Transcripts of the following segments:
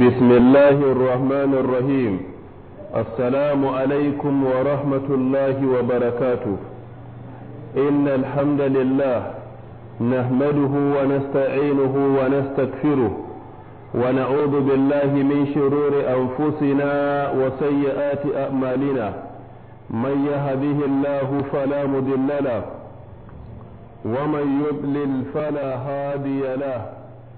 بسم الله الرحمن الرحيم السلام عليكم ورحمة الله وبركاته إن الحمد لله نحمده ونستعينه ونستكفره ونعوذ بالله من شرور أنفسنا وسيئات أعمالنا من يهده الله فلا مضل له ومن يضلل فلا هادي له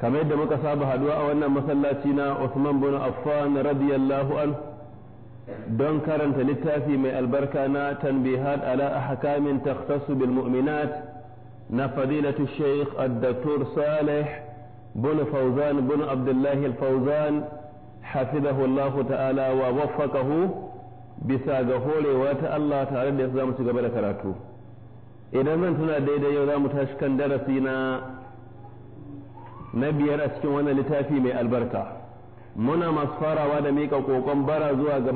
kamar yadda muka saba haduwa a wannan masallaci na Uthman bin Affan radiyallahu an don karanta littafi mai albarka na tanbihat ala ahkamin takhtassu bil mu'minat na fadilatu Sheikh Ad-Daktur Salih bin Fawzan bin Abdullah Al-Fawzan hafizahu Allah ta'ala wa waffaqahu bisa ga horewa ta Allah tare da zamu ci gaba da karatu idan zan tuna daidai yau zamu tashi kan darasi na na biyar a cikin wannan littafi mai albarka muna masu farawa da mika kokon bara zuwa ga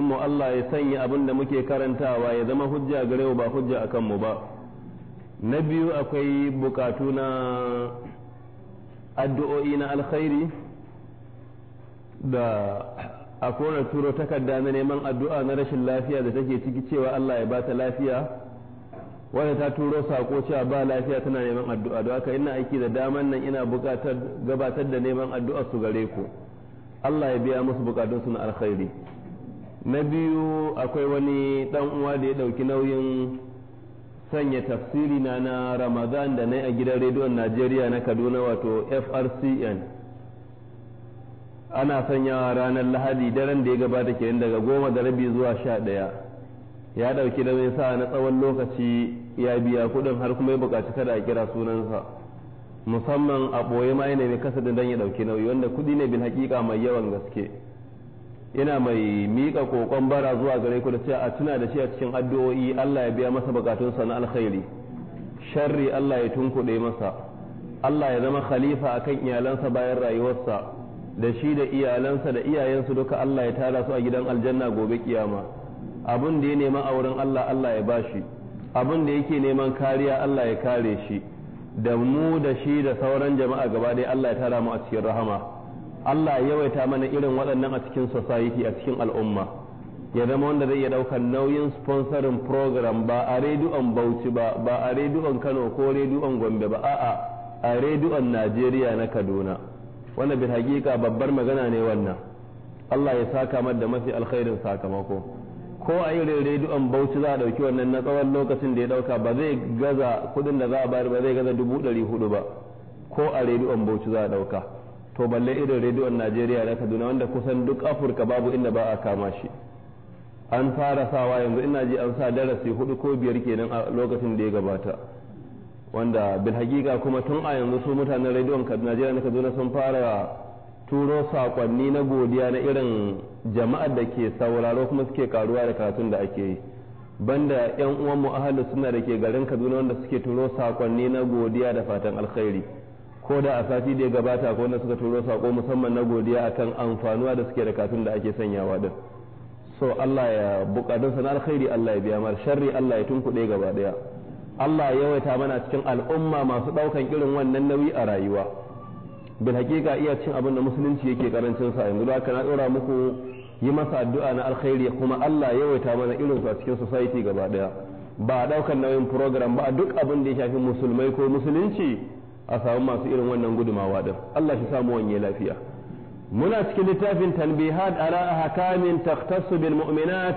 mu Allah ya sanya abin da muke karantawa ya zama hujja gare ba hujja a kanmu ba na biyu akwai bukatu na addu'o'i na alkhairi da a kona turo takarda na neman addu'a na rashin lafiya da take ciki cewa Allah ya bata lafiya wanda ta turo sako cewa ba lafiya tana neman addu'a don haka ina aiki da daman nan ina buƙatar gabatar da neman addu'a su gare ku Allah ya biya musu bukatun su na alkhairi na biyu akwai wani dan uwa da ya dauki nauyin sanya tafsiri na na Ramadan da na a gidan rediyon Najeriya na Kaduna wato FRCN ana sanyawa ranar Lahadi daren da ya gabata kenan daga goma da rabi zuwa sha ɗaya ya ɗauki da mai sa na tsawon lokaci ya biya kuɗin har kuma ya bukaci kada a kira sunansa musamman a ɓoye ma yana mai kasadin don ya dauki nauyi wanda kuɗi ne bil hakika mai yawan gaske yana mai miƙa kokon bara zuwa gare ku da cewa a tuna da shi a cikin addu'o'i Allah ya biya masa buƙatunsa na alkhairi sharri Allah ya tunkuɗe masa Allah ya zama khalifa akan iyalansa bayan rayuwarsa da shi da iyalansa da iyayensu duka Allah ya tara su a gidan aljanna gobe kiyama abin da ya nema a wurin Allah Allah ya bashi abin da yake neman kariya Allah ya kare shi da mu da shi da sauran jama'a gaba ɗaya Allah ya tara mu a cikin rahama Allah ya yawaita mana irin waɗannan a cikin society a cikin al'umma ya zama wanda zai iya ɗaukar nauyin sponsorin program ba a rediyon Bauchi ba ba a rediyon Kano ko rediyon Gombe ba a'a a rediyon Najeriya na Kaduna wanda bil hakika babbar magana ne wannan Allah ya saka da mafi alkhairin sakamako ko a irin rediyon bauchi za a ɗauki wannan na tsawon lokacin da ya ɗauka ba zai gaza kuɗin da za a bayar ba zai gaza dubu ɗari hudu ba ko a rediyon bauchi za a ɗauka to balle irin rediyon najeriya na kaduna wanda kusan duk afirka babu inda ba a kama shi an fara sawa yanzu ina ji an sa darasi hudu ko biyar kenan a lokacin da ya gabata wanda bil hakika kuma tun a yanzu su mutanen rediyon najeriya na kaduna sun fara turo saƙonni na godiya na irin jama'ar da ke sauraro kuma suke karuwa da karatun da ake yi banda yan uwan mu ahalu suna da ke garin Kaduna wanda suke turo saƙonni na godiya da fatan alkhairi ko da a sati da ya gabata ko wanda suka turo saƙo musamman na godiya akan amfanuwa da suke da katun da ake sanyawa din so Allah ya bukatun na alkhairi Allah ya biya mar sharri Allah ya tunkuɗe gaba daya Allah ya yawaita mana cikin al'umma masu ɗaukan irin wannan nauyi a rayuwa bil haƙiƙa iya cin abin da musulunci yake karancin sa yanzu haka na ɗora muku yi masa addu'a na alkhairi kuma Allah yawaita mana irin su a cikin society gaba daya ba a ɗaukar nauyin program ba a duk abin da ya shafi musulmai ko musulunci a samu masu irin wannan gudumawa din Allah shi samu wanye lafiya muna cikin littafin tanbihat ala ahkamin taqtasu bil mu'minat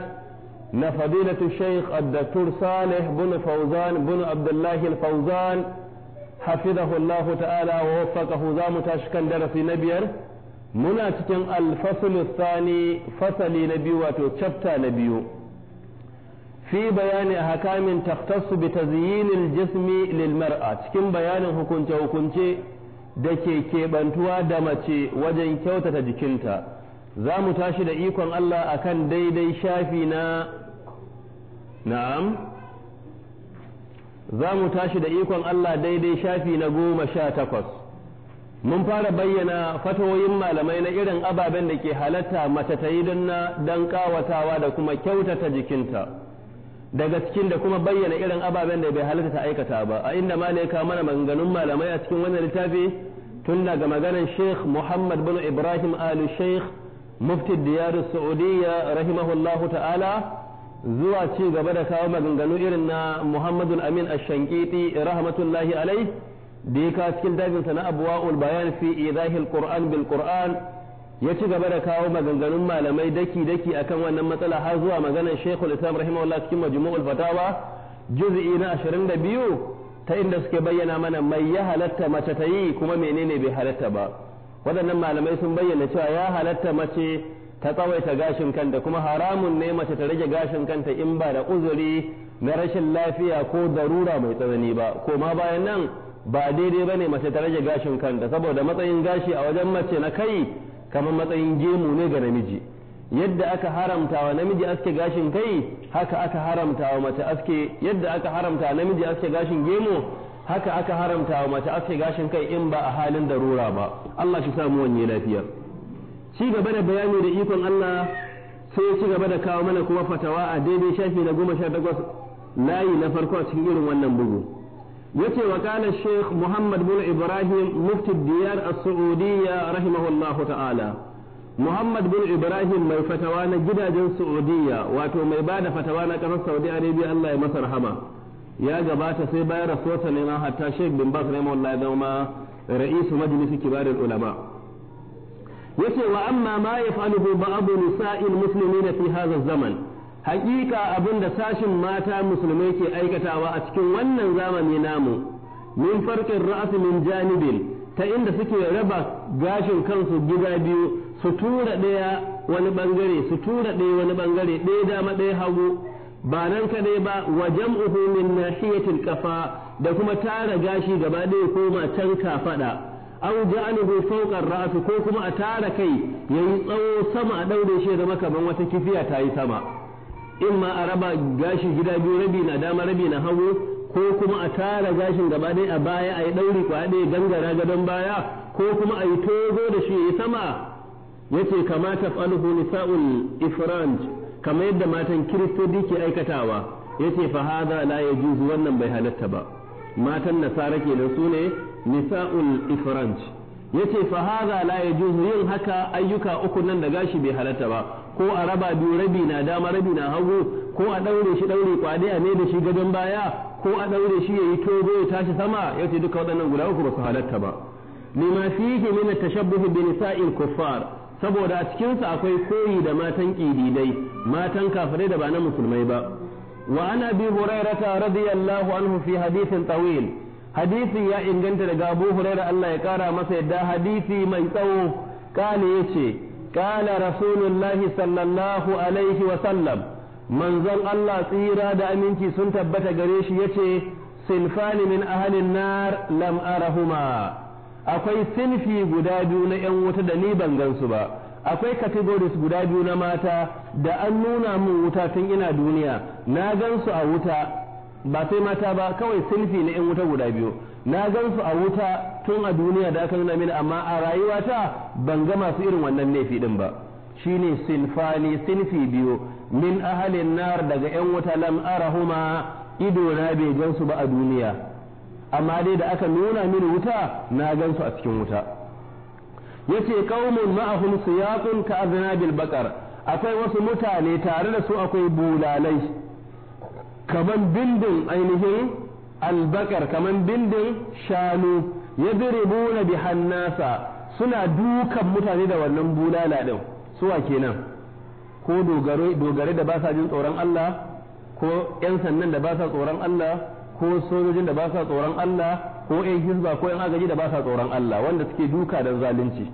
na fadilatu shaykh ad-daktur Salih bin Fawzan bin Abdullah al-Fawzan hafizahu Allah ta'ala wa waffaqahu za mu tashi kan darasi na biyar muna cikin alfaslu fasali na biyu wato cafta na biyu fi bayani hakamin takhtassu bi tazyinil jismi lil mar'a cikin bayanin hukunce hukunce da ke keɓantuwa da mace wajen kyautata jikinta za mu tashi da ikon Allah akan daidai shafi na na'am za mu tashi da ikon Allah daidai shafi na goma sha takwas mun fara bayyana fatawoyin malamai na irin ababen da ke halatta mace ta yi don kawatawa da kuma kyautata jikinta daga cikin da kuma bayyana irin ababen da bai halatta ta aikata ba a inda ma ne ka mana maganganun malamai a cikin wannan littafi tun daga maganar sheikh muhammad bin ibrahim ali sheikh mufti diyar saudiya rahimahullahu ta'ala zuwa ci gaba da kawo maganganu irin na Muhammadu Amin Ash-Shankiti rahmatullahi alai da ya kawo cikin sa na Abwaul Bayan fi Idahil Qur'an bil Qur'an ya ci gaba da kawo maganganun malamai daki daki akan wannan matsala har zuwa maganar Sheikhul Islam rahimahullah cikin Majmu'ul Fatawa juz'i na 22 ta inda suke bayyana mana mai ya halatta mace ta yi kuma menene bai halatta ba waɗannan malamai sun bayyana cewa ya halatta mace ta tsawaita gashin kanta kuma haramun ne mace ta rage gashin kanta in ba da uzuri na rashin lafiya ko darura mai tsanani ba ko ma bayan nan ba daidai ba ne mace ta rage gashin kanta saboda matsayin gashi a wajen mace na kai kamar matsayin gemu ne ga namiji yadda aka haramta wa namiji aske gashin kai haka aka haramta wa mace aske yadda aka haramta namiji aske gashin gemu haka aka haramta wa mace aske gashin kai in ba a halin darura ba Allah shi samu wani lafiya ci gaba da bayani da ikon Allah sai ci gaba da kawo mana kuma fatawa a daidai shafi na goma sha takwas layi na farko a cikin irin wannan bugu yace wa kana Sheikh Muhammad bin Ibrahim mufti diyar as-Saudiyya rahimahullahu ta'ala Muhammad bin Ibrahim mai fatawa na gidajen Saudiyya wato mai bada fatawa na kasar Saudi Arabia Allah ya masa rahama ya gabata sai bayan rasuwarsa ne nema, hatta Sheikh bin Baz rahimahullah ya zama ra'isu majlisi kibarul ulama yace wa amma ma yaf'aluhu ba'd nisa'il muslimin fi hadha zaman haqiqa abinda sashin mata musulmai ke aikatawa a cikin wannan zamani namu min farqin ra's min janibin ta inda suke raba gashin kansu gida biyu su tura daya wani bangare su tura daya wani bangare daya dama daya hagu ba nan kadai ba wa jam'uhu min nahiyatil kafa da kuma tara gashi gaba ɗaya koma can kafada aw ja'alahu fawqa ar ra'asu ko kuma a tara kai yayi tsawo sama a daure shi zama kaman wata kifiya ta yi sama in ma a raba gashi gida biyu rabi na dama rabi na hagu ko kuma a tara gashin gaba ɗaya a baya a yi ɗauri kwa ɗaya gangara gadon baya ko kuma a yi togo da shi yi sama yace kamata falhu nisa'ul ifranj kamar yadda matan kiristodi ke aikatawa yace fa hadha la yajuzu wannan bai halatta ba matan nasara kenan su ne nisa'ul ifranj yace fa hadha la yajuzu yin haka ayyuka uku nan da gashi bai halatta ba ko a raba biyu rabi na dama rabi na hagu ko a daure shi daure kwade a ne da shi gadon baya ko a daure shi yayi togo ya tashi sama yace duka waɗannan guda uku ba su halatta ba lima fihi min at-tashabbuh bi nisa'il kuffar saboda a cikinsa akwai koyi da matan kididai matan kafirai da ba na musulmai ba wa ana bi hurairata radiyallahu anhu fi hadithin tawil hadisi ya inganta daga Abu Hurairah Allah ya kara masa yadda hadisi mai tsawo kana yace kana rasulullahi sallallahu alaihi wa sallam manzon Allah tsira da aminci sun tabbata gare shi yace sinfani min ahlin nar lam arahuma akwai sinfi guda biyu na yan wuta da ni ban gansu ba akwai categories guda biyu na mata da an nuna min wuta tun ina duniya na gansu a wuta ba sai mata ba kawai silfi na 'yan wuta guda biyu na gan su a wuta tun a duniya da aka nuna mini amma a rayuwata ban ga masu irin wannan laifi din ba shine sinfani sinfi biyu min ahalin nar daga 'yan wuta lam arahuma ido na bai gan su ba a duniya amma dai da aka nuna mini wuta na gan su a cikin wuta yace qaumun ma'ahum siyaqun ka aznabil baqar akwai wasu mutane tare da su akwai bulalai kaman bindin ainihin albakar kaman bindin shanu yadribuna bi hannasa suna dukan mutane da wannan bulala din suwa kenan ko dogare da ba sa jin tsoron Allah ko 'yan sannan da ba sa tsoron Allah ko sojojin da ba sa tsoron Allah ko 'yan hizba ko 'yan agaji da ba sa tsoron Allah wanda suke duka don zalunci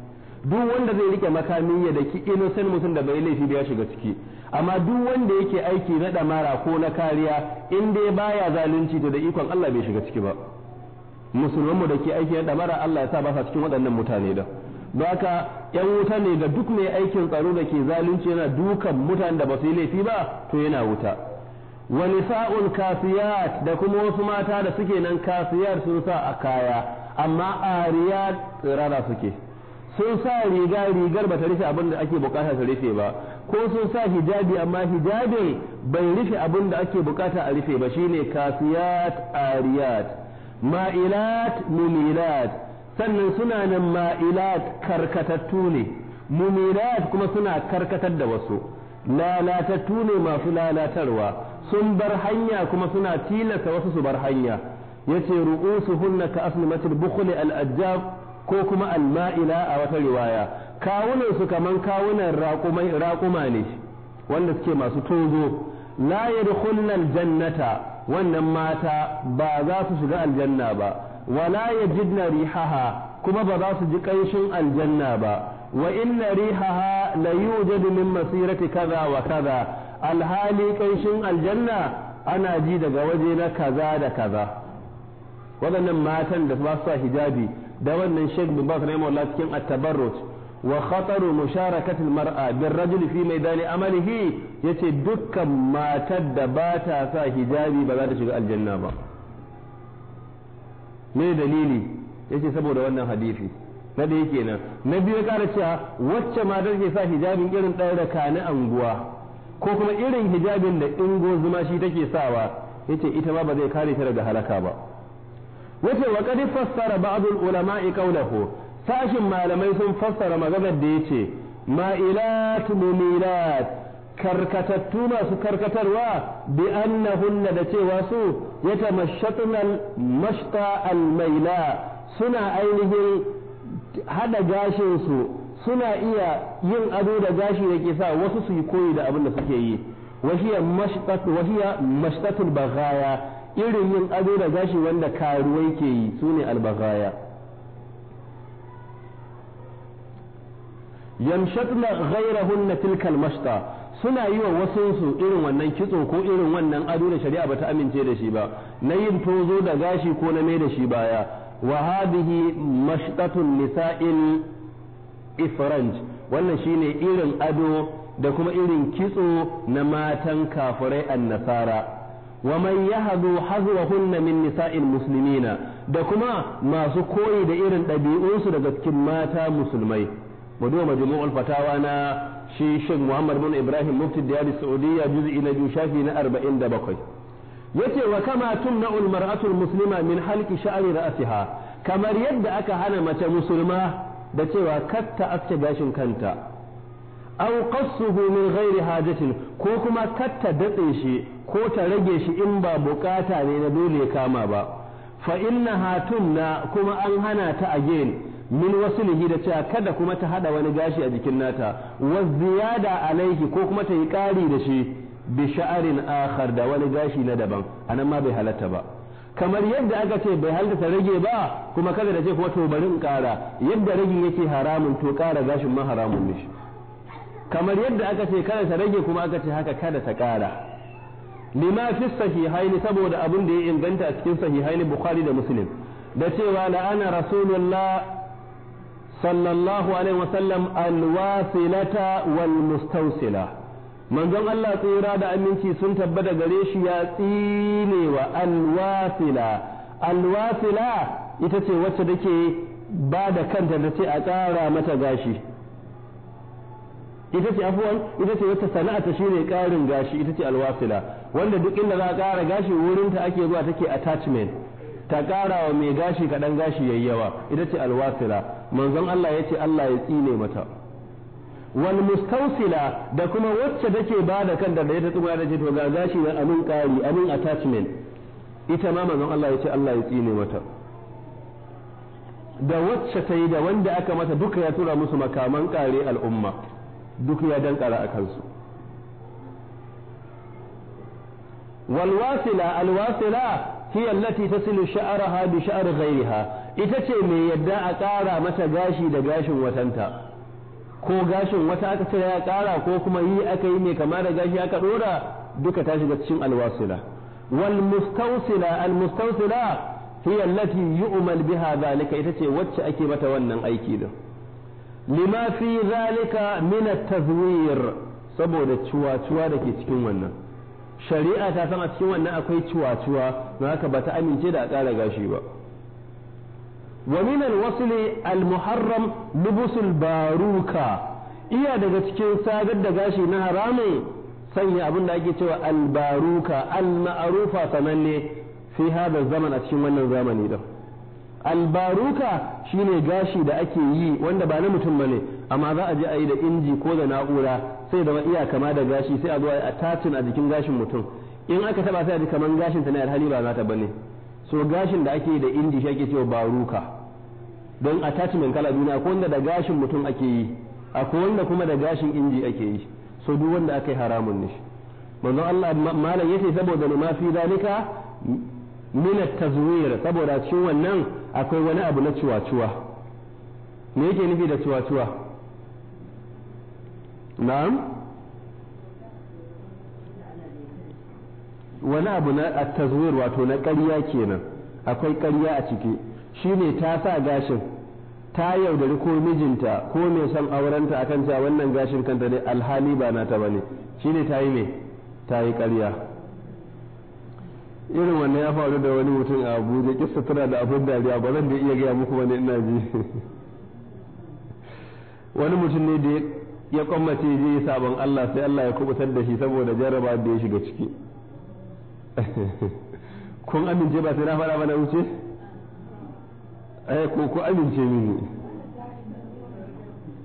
duk wanda zai rike makami ya daki innocent mutum da bai laifi ba ya shiga ciki amma duk wanda yake aiki na damara ko na kariya in dai baya zalunci to da ikon Allah bai shiga ciki ba musulman mu da ke aiki na damara Allah ya sa ba sa cikin waɗannan mutane da don haka yan wuta ne da duk mai aikin tsaro da ke zalunci yana dukan mutanen da ba su yi laifi ba to yana wuta wa nisa'ul kasiyat da kuma wasu mata da suke nan kasiyar sun sa a kaya amma ariya tsirara suke sun sa riga rigar bata rufe abin da ake bukata su rufe ba ko sun sa hijabi amma hijabi bai rufe abin da ake bukata a rufe ba shine kafiyat ariyat ma'ilat mumilat sannan suna nan ma'ilat karkatattu ne mumilat kuma suna karkatar da wasu lalatattu ne masu lalatarwa sun bar hanya kuma suna tilasta wasu su bar hanya yace ru'usuhunna ka aslimatil bukhli al-ajjab ko kuma alma'ila a wata riwaya kawunan su kaman kawunan raƙuma ne wanda suke masu tozo la yadkhulnal jannata wannan mata ba za su shiga aljanna ba wala yajidna rihaha kuma ba za su ji ƙanshin aljanna ba wa inna rihaha la yujadu min masirati kaza wa kaza alhali ƙanshin aljanna ana ji daga waje na kaza da kaza waɗannan matan da ba su sa hijabi da wannan Sheikh bin Baz rahimahullah cikin at-tabarruj wa khataru musharakati al-mar'a bil rajul fi maidani amalihi yace dukkan matar da ba ta sa hijabi ba za ta shiga aljanna ba me dalili yace saboda wannan hadisi na da yake nan na biyu kara cewa wacce matar ke sa hijabin irin ɗaya da kani anguwa ko kuma irin hijabin da ingo zuma shi take sawa yace ita ma ba zai kare ta daga halaka ba yace wa qad fassara ba'd ulama'i qawlahu sashin malamai sun fassara maganar da yace ma'ilat mumilat karkatattu masu karkatarwa bi annahunna da cewa su yatamashshatna mashta almaila suna ainihin hada gashinsu suna iya yin ado da gashi da ke sa wasu su yi koyi da abin da suke yi wahiya mashtat wahiya mashtatul irin yin ado da gashi wanda karuwai ke yi su ne albagaya yamshatna na tilkal mashta suna yi wa wasunsu irin wannan kitso ko irin wannan ado da shari'a bata amince da shi ba na yin tozo da gashi ko na mai da shi baya wa hadhihi mashtatun nisa'il ifranj wannan shine irin ado da kuma irin kitso na matan kafirai annasara wa man yahdu hunnamin min nisa'il muslimina da kuma masu koyi da irin ɗabi'unsu daga cikin mata musulmai mu duba majmu'ul fatawa na shi Sheikh Muhammad bin Ibrahim Mufti Diyar Saudiya juz'i na biyu shafi na 47 yace wa kama tumna'u al muslima min halqi sha'ri ra'siha kamar yadda aka hana mace musulma da cewa katta aske gashin kanta aw qassuhu min ghairi hajatin ko kuma katta datse shi ko ta rage shi in ba bukata ne na dole ya kama ba fa inna na kuma an hana ta again min wasu da cewa kada kuma ta hada wani gashi a jikin nata wa ziyada alaihi ko kuma ta yi kari da shi bi sha'arin akhar da wani gashi na daban anan ma bai halatta ba kamar yadda aka ce bai halatta ta rage ba kuma kada da ce kuma to bari in kara yadda ragin yake haramun to kara gashin ma haramun ne kamar yadda aka ce kada ta rage kuma aka ce haka kada ta ƙara lima fi sahihaini saboda abin da ya inganta a cikin sahihain bukhari da muslim da cewa ana rasulullah sallallahu alaihi wasallam alwasilata wal mustawsila manzon Allah tsira da aminci sun tabbata gare shi ya tsine wa alwafila ita ce wacce take ba da kanta da ce a tsara mata gashi ita ce afuwan ita ce wata sana'a ta shine karin gashi ita ce alwasila wanda duk inda za a kara gashi wurin ta ake zuwa take attachment ta kara wa mai gashi kadan gashi yayyawa ita ce alwasila manzon Allah ya ce Allah ya tsine mata wal mustawsila da kuma wacce take ba da kanta da ita tsuma da ce to ga gashi na amin kari amin attachment ita ma manzon Allah ya ce Allah ya tsine mata da wacce ta yi da wanda aka mata duka ya tura musu makaman kare al'umma duk ya dankara a kansu walwasila alwasila hiya allati tasilu sha'raha bi sha'r ghayriha ita ce mai yadda a ƙara mata gashi da gashin watanta ko gashin wata aka ce ya ƙara ko kuma yi aka yi mai kama da gashi aka ɗora duka ta shiga cikin alwasila wal mustawsila al mustawsila hiya allati yu'mal biha zalika ita ce wacce ake mata wannan aiki din lima fi zalika min at-tazwir saboda ciwaciwa da ke cikin wannan shari'a ta san a cikin wannan akwai ciwaciwa don haka ba ta amince da a ƙara gashi ba wa min al al-muharram lubusul baruka iya daga cikin sagar da gashi na haramun sanya abin da ake cewa al-baruka al-ma'rufa sananne fi hada zaman a cikin wannan zamani din albaruka shine gashi da ake yi wanda ba na mutum bane amma za a je a yi da inji ko da na'ura sai da iya kama da gashi sai a zo a tatin a jikin gashin mutum in aka taba sai a ji kaman gashin ta ne alhali ba za ta bane so gashin da ake yi da inji shi ake cewa baruka don attachment kala duniya ko wanda da gashin mutum ake yi akwai wanda kuma da gashin inji ake yi so duk wanda aka yi haramun ne manzo Allah malam yace saboda ma fi zalika min at-tazwir saboda cikin wannan akwai wani abu na ciwaciwa me yake nufi da ciwaciwa na'am wani abu na attazwir wato na ƙarya kenan akwai ƙarya a ciki shi ne ta sa gashin ta yaudari ko mijinta ko mai son aurenta akan cewa wannan gashin kanta ne alhali ba nata bane ne ta yi ne ta yi ƙarya irin wannan ya faru da wani mutum a abuja kista tana da abin dariya ba zan da iya gaya muku wani ina ji wani mutum ne da ya kwammace je yi sabon allah sai allah ya kubutar da shi saboda jaraba da ya shiga ciki kun amince ba sai na fara ba na wuce ai eh, ko ku amince mini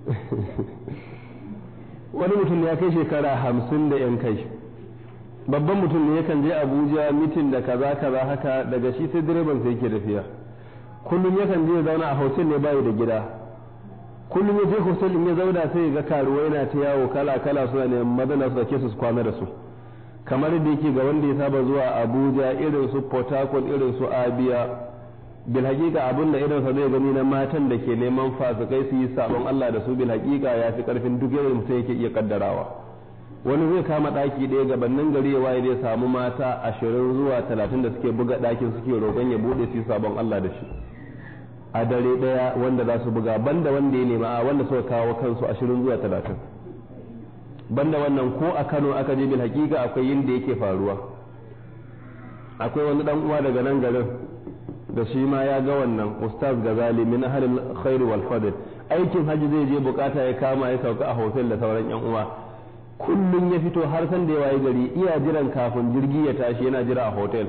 wani mutum ya kai shekara hamsin da yan kai babban mutum ne yakan je abuja mitin da kaza kaza haka daga shi sai direban sai yake tafiya kullum yakan je zauna a hotel ne bayi da gida kullum ya je hotel in ya zauna sai ga karuwa yana ta yawo kala kala suna ne madana su dake su kwana da su kamar da yake ga wanda ya saba zuwa abuja irin su port harcourt irin su abia bil hakika abin da idan sa zai gani na matan da ke neman fasikai su yi sabon Allah da su bil hakika ya fi karfin duk yawan mutum yake iya kaddarawa wani zai kama daki ɗaya gabanin gari ya waye zai samu mata ashirin zuwa talatin da suke buga ɗakin suke roƙon ya buɗe su sabon Allah da shi a dare ɗaya wanda za su buga banda wanda ya nema a wanda suka kawo kansu ashirin zuwa talatin banda wannan ko a Kano aka je bil hakika akwai yin da yake faruwa akwai wani dan uwa daga nan garin da shi ma ya ga wannan ustaz gazali min ahlil khair wal fadl aikin hajji zai je bukata ya kama ya sauka a hotel da sauran yan uwa kullum ya fito har san da ya wayi gari iya jiran kafin jirgi ya tashi yana jira a hotel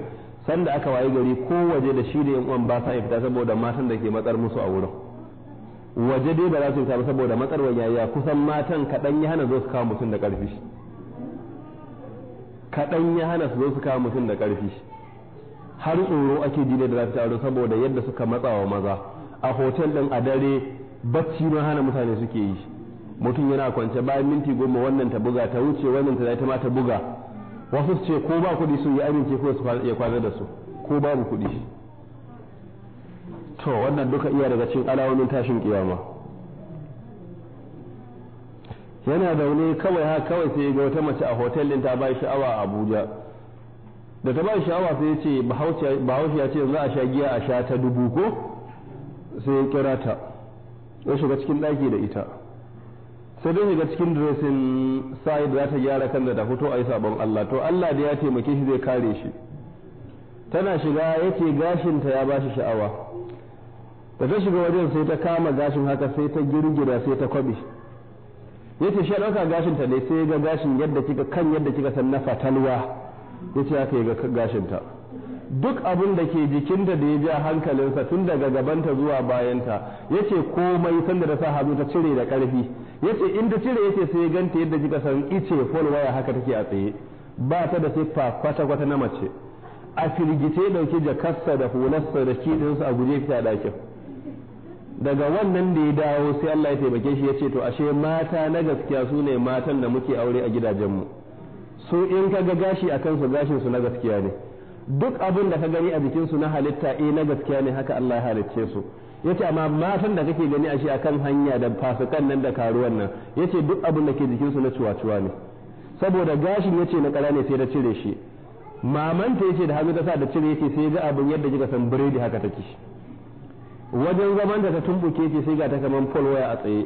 sanda aka wayi gari ko waje da shi da yan uwan ba sa fita saboda matan da ke matsar musu a wurin waje dai ba za su fita ba saboda matsar yaya kusan matan kaɗan ya hana zo su kawo mutum da ƙarfi kaɗan ya hana su zo su kawo mutum da ƙarfi har tsoro ake jide da za su taru saboda yadda suka matsawa maza a hotel ɗin a dare bacci ma hana mutane suke yi mutum yana kwance bayan minti goma wannan ta buga ta wuce wannan ta ta ma ta buga wasu su ce ko ba kuɗi sun yi amince ko su ya kwana da su ko babu kuɗi to wannan duka iya daga cikin alamomin tashin kiyama yana wani kawai ha kawai sai ga wata mace a hotel din ta bai sha'awa a Abuja da ta bai sha'awa sai ya ce bahaushe ya ce za a sha giya a sha ta dubu ko sai ya kira ta ya shiga cikin ɗaki da ita sai dai shiga cikin dressing sa'id za ta gyara kanta ta fito a yi sabon Allah to Allah da ya taimake shi zai kare shi tana shiga ce gashinta ya ba shi sha'awa da ta shiga wajen sai ta kama gashin haka sai ta girgira sai ta kwabi yace shi ɗauka gashinta ne sai ga gashin yadda kika kan yadda kika san na fatalwa yace haka ya ga gashinta duk abin da ke jikinta da ya ja hankalinsa tun daga gabanta zuwa bayanta yace komai sanda da sa hannu ta cire da ƙarfi yace in da cire yace sai ganta yadda kika san ice fol waya haka take a tsaye ba ta da siffa kwata kwata na mace a firgice dauki jakarsa da hularsa da kidinsa a guje fita dakin daga wannan da ya dawo sai Allah ya taimake shi ya ce to ashe mata na gaskiya su ne matan da muke aure a gidajen mu su in ka ga gashi a kansu gashin su na gaskiya ne duk abin da ka gani a jikinsu na halitta eh na gaskiya ne haka Allah ya halicce su yace amma matan da kake gani a shi akan hanya da fasikan nan da karuwan nan yace duk abin da ke su na cuwa-cuwa ne saboda gashin yace na kara ne sai da cire shi mamanta yace da hannu ta sa da cire ce sai ga abin yadda kika san biredi haka take wajen zaman da ta tumbuke ce sai ga ta kaman pole waya a tsaye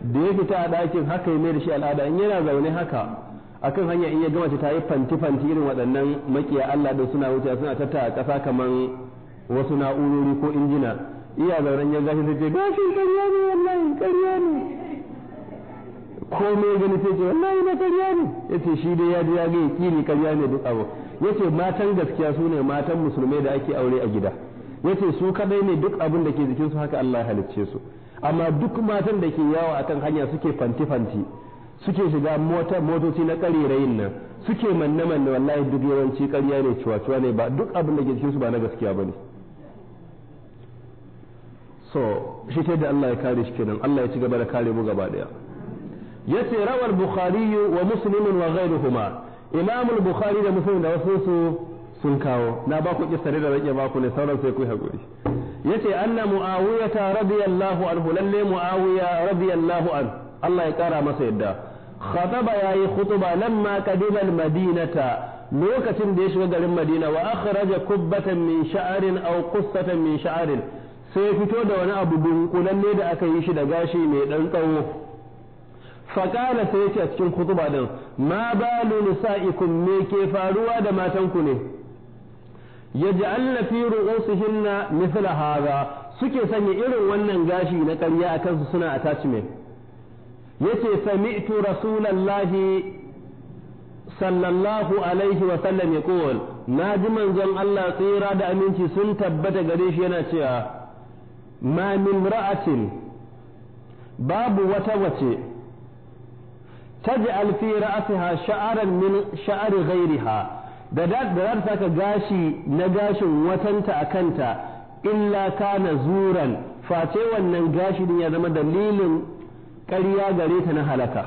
da ya fita a dakin haka ya mai da shi al'ada in yana zaune haka akan hanya in ya gama ta yi fanti fanti irin waɗannan makiya Allah da suna wuce suna tattara ƙasa kaman wasu na'urori ko injina iya zauren ya gashi sai ce gashin karya ne wallahi karya ne komai gani sai ce wallahi na karya ne Ya ce shi dai ya ji ya ga kiri karya ne duk abu ce matan gaskiya su ne matan musulmai da ake aure a gida Ya ce su kadai ne duk abin da ke jikin su haka Allah ya halicce su amma duk matan da ke yawo kan hanya suke fanti fanti suke shiga mota motoci na ƙarerayin nan suke manne manne wallahi duk yawanci karya ne cuwa-cuwa ne ba duk abin da ke jikin su ba na gaskiya bane so shi da Allah ya kare shi kenan Allah ya ci gaba da kare mu gaba daya yace rawal bukhari wa muslim wa ghayruhuma imam bukhari da muslim da wasu su sun kawo na ba ku kissa da rake ba ku ne sauran sai ku hakuri yace anna muawiyata radiyallahu anhu lalle muawiya radiyallahu an Allah ya kara masa yadda khataba yayi khutba lamma qadima al-madinata lokacin da ya shiga garin Madina wa akhraja kubbatan min shaarin aw qussatan min sha'rin sai fito da wani abu dunkulalle da aka yi shi da gashi mai dan tsawo faƙala sai ya ce a cikin kutuba din ma balu nisa'ikum me ke faruwa da matanku ne Ya yaj'alna fi ru'usihinna mithla hadha suke sanya irin wannan gashi na ƙarya a kansu suna attachment yace sami'tu rasulallahi sallallahu alaihi wa sallam yaqul na ji manzon Allah tsira da aminci sun tabbata gare shi yana cewa ma min ra'atin babu wata wace taj'al fi ra'siha sha'aran min sha'ari ghairiha da da da saka gashi na gashin watanta a kanta illa kana zuran face wannan gashi din ya zama dalilin ƙarya gare ta na halaka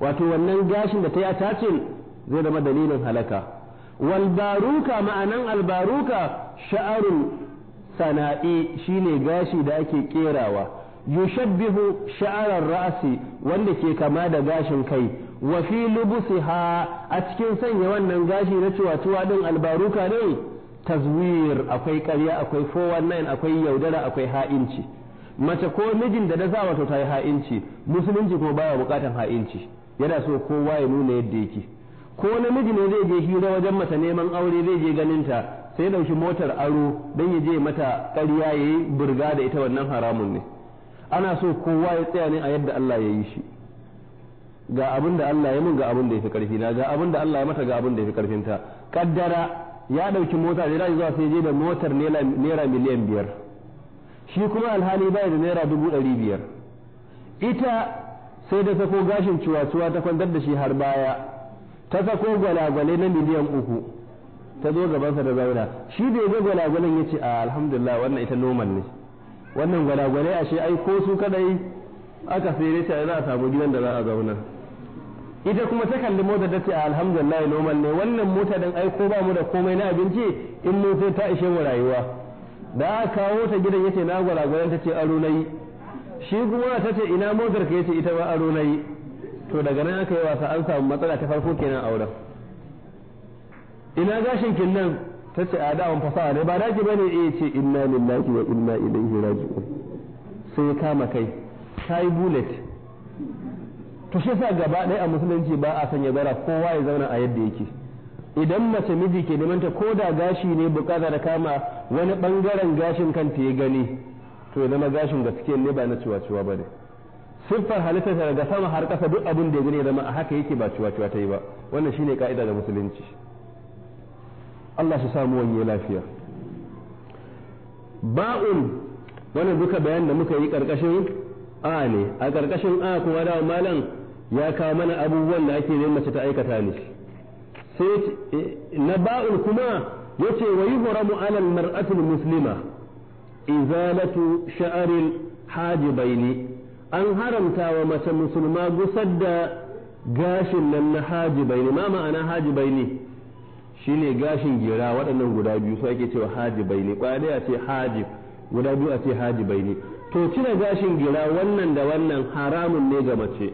wato wannan gashin da ta yi a tacin zai zama dalilin halaka walbaruka baruka ma'anan albaruka sha'arun sana'i shine gashi da ake kerawa yushabbihu sha'arar ra'asi wanda ke kama da gashin kai wa fi lubusiha a cikin sanya wannan gashi na ciwatuwa din albaruka ne tazwir akwai karya akwai 419 akwai yaudara akwai ha'inci mace ko mijin da da sa wato ta yi ha'inci musulunci kuma baya bukatan ha'inci yana so kowa ya nuna yadda yake ko namiji ne zai je hira wajen mace neman aure zai je ganin ta sai ya dauki motar aro don ya je mata ƙarya ya yi burga da ita wannan haramun ne ana so kowa ya tsaya ne a yadda Allah ya yi shi ga abin da Allah ya mun ga abin da ya fi ƙarfi na ga abin da Allah ya mata ga abin da ya fi ƙarfin ta kaddara ya dauki mota da zai zuwa sai je da motar naira miliyan biyar shi kuma alhali bai da naira dubu ɗari biyar ita sai da sako gashin ciwatuwa ta kwantar da shi har baya ta sako gwalagwale na miliyan uku ta zo gabansa da zauna shi da ga gwalagwalan ya ce a alhamdulillah wannan ita noman ne wannan gwalagwalai ashe ai ko su kadai aka fere ta za a samu gidan da za a zauna ita kuma ta kalli mota ta ce alhamdulillah noman ne wannan mota dan ai ko ba mu da komai na abinci in mu sai ta ishe mu rayuwa da aka kawo ta gidan yace na gwalagwalan ta ce aro nayi shi kuma ta ce ina motar ka yace ita ba aro nayi to daga nan aka yi wasa an samu matsala ta farko kenan auren ina gashin kin nan ta ce a fasaha ne ba ki bane eh ce inna lillahi wa inna ilaihi raji'un sai ya kama kai ta bullet to shi sa gaba ɗaya a musulunci ba a sanya zara kowa ya zauna a yadda yake idan mace miji ke neman ta ko da gashi ne bukata da kama wani bangaren gashin kanta ya gani to zama gashin gaske ne ba na ciwa-ciwa ba ne siffar halittar daga sama har kasa duk abin da ya gani zama a haka yake ba ciwa-ciwa ta yi ba wannan shine ka'ida da musulunci Allah shi samu wanye lafiya ba'un wannan duka bayan da muka yi karkashin a ne a karkashin a kuma dawo malam ya kawo mana abubuwan da ake neman mace ta aikata ne sai eh, na ba'un kuma yace wa yuhramu 'ala al-mar'ati al-muslima izalatu sha'aril hajibaini an haramta wa mace musulma gusar da gashin nan na hajibaini ma ma'ana hajibaini shi ne gashin gira waɗannan guda biyu su ake cewa bai ne kwaya a ce haji guda biyu a ce bai ne to cire gashin gira wannan da wannan haramun ne ga mace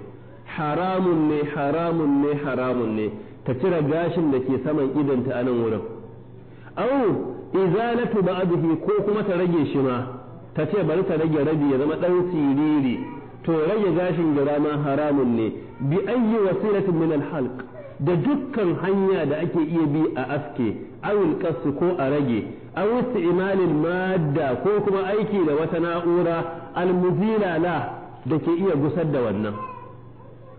haramun ne haramun ne haramun ne ta cire gashin da ke saman idanta a nan wurin au izalatu ba'dihi ko kuma ta rage shi ma ta ce bari ta rage rabi ya zama ɗan siriri to rage gashin gira ma haramun ne bi ayyi wasilatin min al-halq da dukkan hanya da ake iya bi a aske awil kasu ko a rage wasu imanin madda ko kuma aiki da wata na'ura almuzila la da ke iya gusar da wannan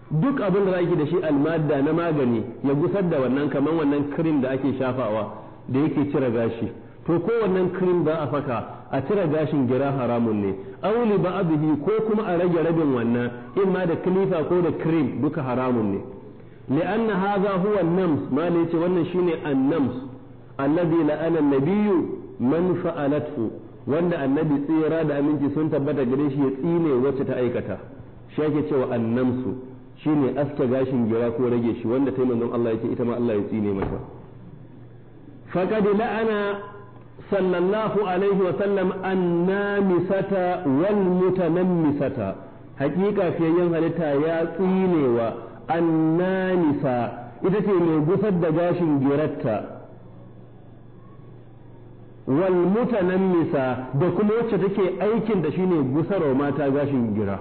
duk abin da ake da shi almadda na magani ya gusar da wannan kamar wannan kirin da ake shafawa da yake cire gashi to ko wannan kirin ba a faka a cire gashin gira haramun ne auli ba ba'dihi ko kuma a rage rabin wannan in ma da kilifa ko da cream duka haramun ne لأن هذا هو النمس ما ليت وانا شيني النمس الذي لأن النبي من فعلته wanda annabi tsira da aminci sun tabbata gare shi ya tsine wacce ta aikata shi ake cewa annamsu shine aske gashin gira ko rage shi wanda ta manzon Allah yake ita ma Allah ya tsine mata faqad la'ana sallallahu alaihi wa sallam annamisata wal mutanammisata hakika fiyayyen halitta ya tsinewa annanifa ita ce mai gusar da gashin girarta wal nisa da kuma wacce take aikin da shine gusarwa mata gashin gira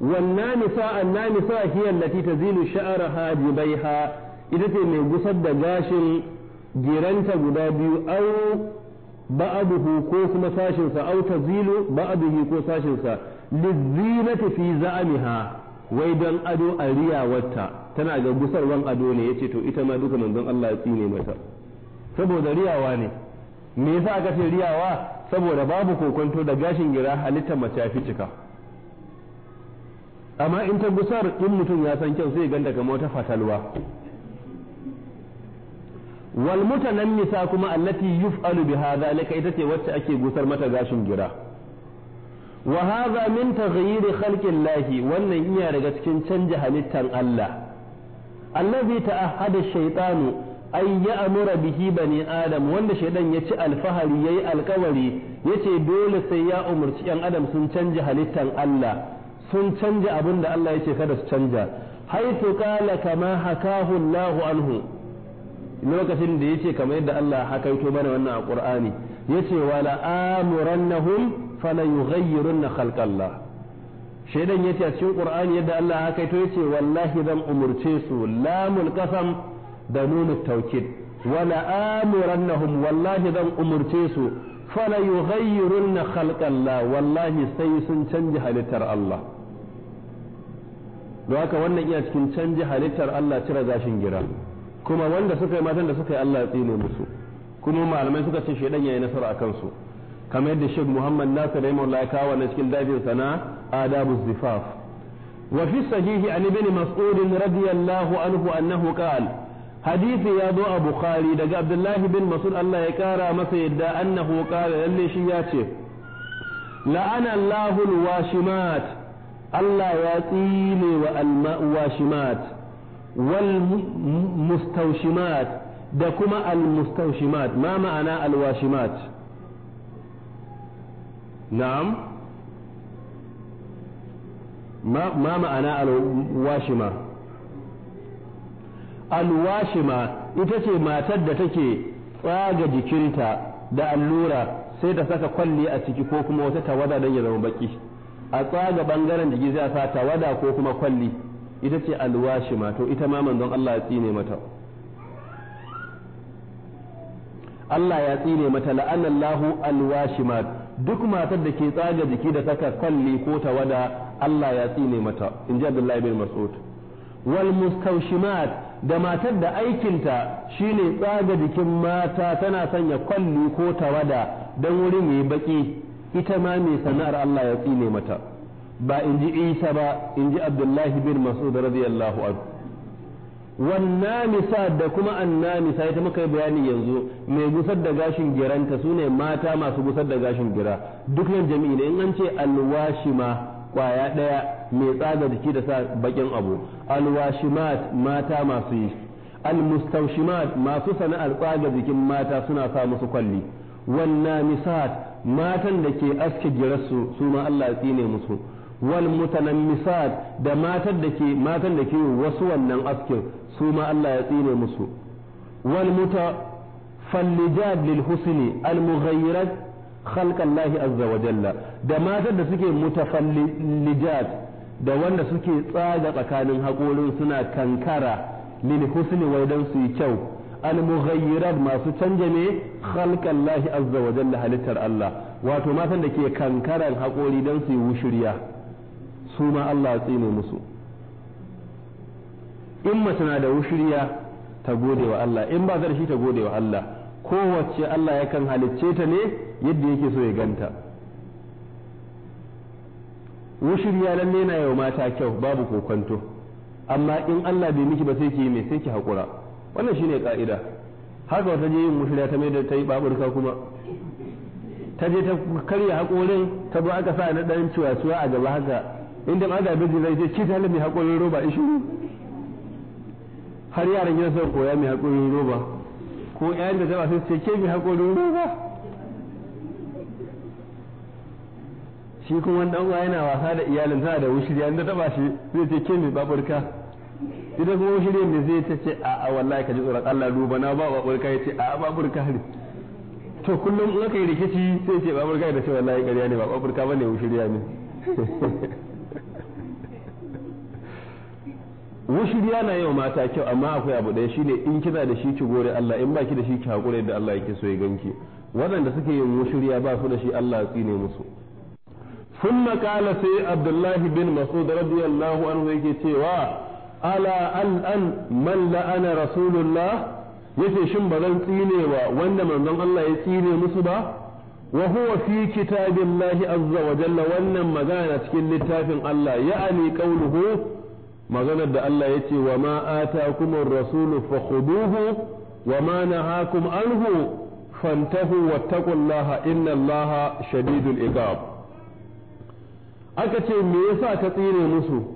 wannanisa annanisa hiya allati tazilu sha'ra hajibaiha ita ce mai gusar da gashin giranta guda biyu au ba'aduhu ko kuma sashinsa au tazilu ba'aduhu ko sashinsa lizinati fi za'amiha wai don ado a riyawarta tana ga gusarwan ado ne yace to ita ma duka manzon Allah ya tsine mata saboda riyawa ne me yasa aka ce riyawa saboda babu kokonto da gashin gira halitta mace ya fi cika amma in ta gusar in mutum ya san kyau sai ganda kamar wata fatalwa wal mutanan nisa kuma allati yuf'alu biha zalika ita ce wacce ake gusar mata gashin gira Wahazamin hadha min taghyir khalqillahi wannan iya daga cikin canja halittan Allah allazi ta'ahada shaytanu ay ya'mura bihi bani Adamu wanda shaiɗan ya ci alfahari yayi alkawari yace dole sai ya umarci yan adam sun canja halittan Allah sun canza abun da Allah yace kada su canja haitu qala kama hakahu Allahu anhu lokacin da yace kamar yadda Allah hakaito bana wannan a Qur'ani yace wala amurannahum fala yughayyirunna khalqallah shaidan yaci a cikin qur'ani yadda Allah ya kaito yace wallahi zan umurce su lamul qasam da nunu tawkid wala amurannahum wallahi zan umurce su fala yughayyirunna khalqallah wallahi sai sun canja halittar Allah don haka wannan iya cikin canji halittar Allah cire gashin gira kuma wanda suka yi matan da suka yi Allah ya tsine musu kuma malamai suka ce shaidan yi nasara akan su kamar yadda Sheikh Muhammad Nasir rahimahullah ya kawo na cikin dafin sana adabu zifaf wa fi sahihi an ibn mas'ud radiyallahu anhu annahu qala hadisi ya zo a bukhari daga abdullahi bin mas'ud Allah ya kara masa yadda annahu qala lalle shi ya ce la'ana Allahu washimat Allah ya tsine wa al-washimat wal mustawshimat da kuma al-mustawshimat ma ma'ana al-washimat na'am ما ma'ana alwashima alwashima ita ce matar da take tsaga jikinta da allura sai ta saka kwalli a ciki ko kuma wata tawada don ya zama baki a tsaga bangaren jiki a sa tawada ko kuma kwalli ita ce alwashima to ita ma manzon Allah ya tsine mata Allah ya tsine mata la'anallahu alwashimat duk matar da ke tsaga jiki da taka kwalli ko tawada Allah ya tsine mata in ji Abdullahi bin Mas'ud wal mustawshimat da matar da aikinta shine tsaga jikin mata tana sanya kwalli ko tawada dan wuri mai baki ita ma mai sana'ar Allah ya tsine mata ba in ji Isa ba in ji Abdullahi bin Mas'ud radiyallahu anhu wannamisa da kuma annamisa ita muka yi bayani yanzu mai gusar da gashin giranta su ne mata masu gusar da gashin gira duk nan jami'i ne in an ce alwashima kwaya ɗaya mai tsaga jiki da sa bakin abu alwashimat mata masu yi almustaushimat masu sana'ar tsaga jikin mata suna sa musu kwalli wannamisat matan da ke aske girarsu su ma Allah ya tsine musu wal mutanammisat da matan da ke matan da ke wasu wannan askin su ma Allah ya tsine musu wal mutafallijat lil husni al mughayyirat jalla da matan da suke mutafallijat da wanda suke tsaga tsakanin haƙorin suna kankara lilhusni wai dan su yi kyau al masu canja ne khalqa Allah azza wa jalla halittar Allah wato matan da ke kankaran hakori dan su yi wushuriya su ma Allah ya tsine musu in mace na da wushiriya ta gode wa Allah in ba da ta gode wa Allah kowace Allah yakan halicce ta ne yadda yake so ya ganta wushiriya lalle na yau mata kyau babu kokonto amma in Allah bai miki ba sai ki me sai ki hakura wannan shine ka'ida haka wata je yin wushiriya ta mai da ta yi baburka kuma ta je ta karya haƙorin ta zo aka sa na ɗan ciwa a gaba haka inda ma da biji zai je ci ta mai haƙorin roba in shiru har yaran gidan sun koya mai haƙorin roba ko ƴaƴan da zaba sun ce ke mai haƙorin roba shi kuma wani uwa yana wasa da iyalin tana da wushiriya da taba shi zai ce ke mai baburka ita kuma wushiriya mai zai ta ce a'a wallahi ka ji tsoron Allah duba na ba baburka yace ce a'a baburka ne to kullum in aka yi rikici sai ce baburka da ce wallahi ƙarya ne ba baburka bane wushiriya ne wushiriya na yau mata kyau amma akwai abu ɗaya shine in kina da shi ki gore Allah in baki da shi ki hakure da Allah yake so ya ganki waɗanda suke yin wushiriya ba su da shi Allah ya tsine musu ثم قال sai Abdullah bin Mas'ud radiyallahu anhu yake cewa ala an an man la'ana rasulullah yace shin ba zan tsine wa wanda manzon Allah ya tsine musu ba wa huwa fi kitabillahi azza wa jalla wannan magana cikin littafin Allah ya ya'ani qawluhu maganar da Allah ya ce wa ma kuma rasulu fakhuduhu wa ma nahakum anhu fantahu wattaqullaha inna allaha shadidul iqab aka ce me yasa ka tsire musu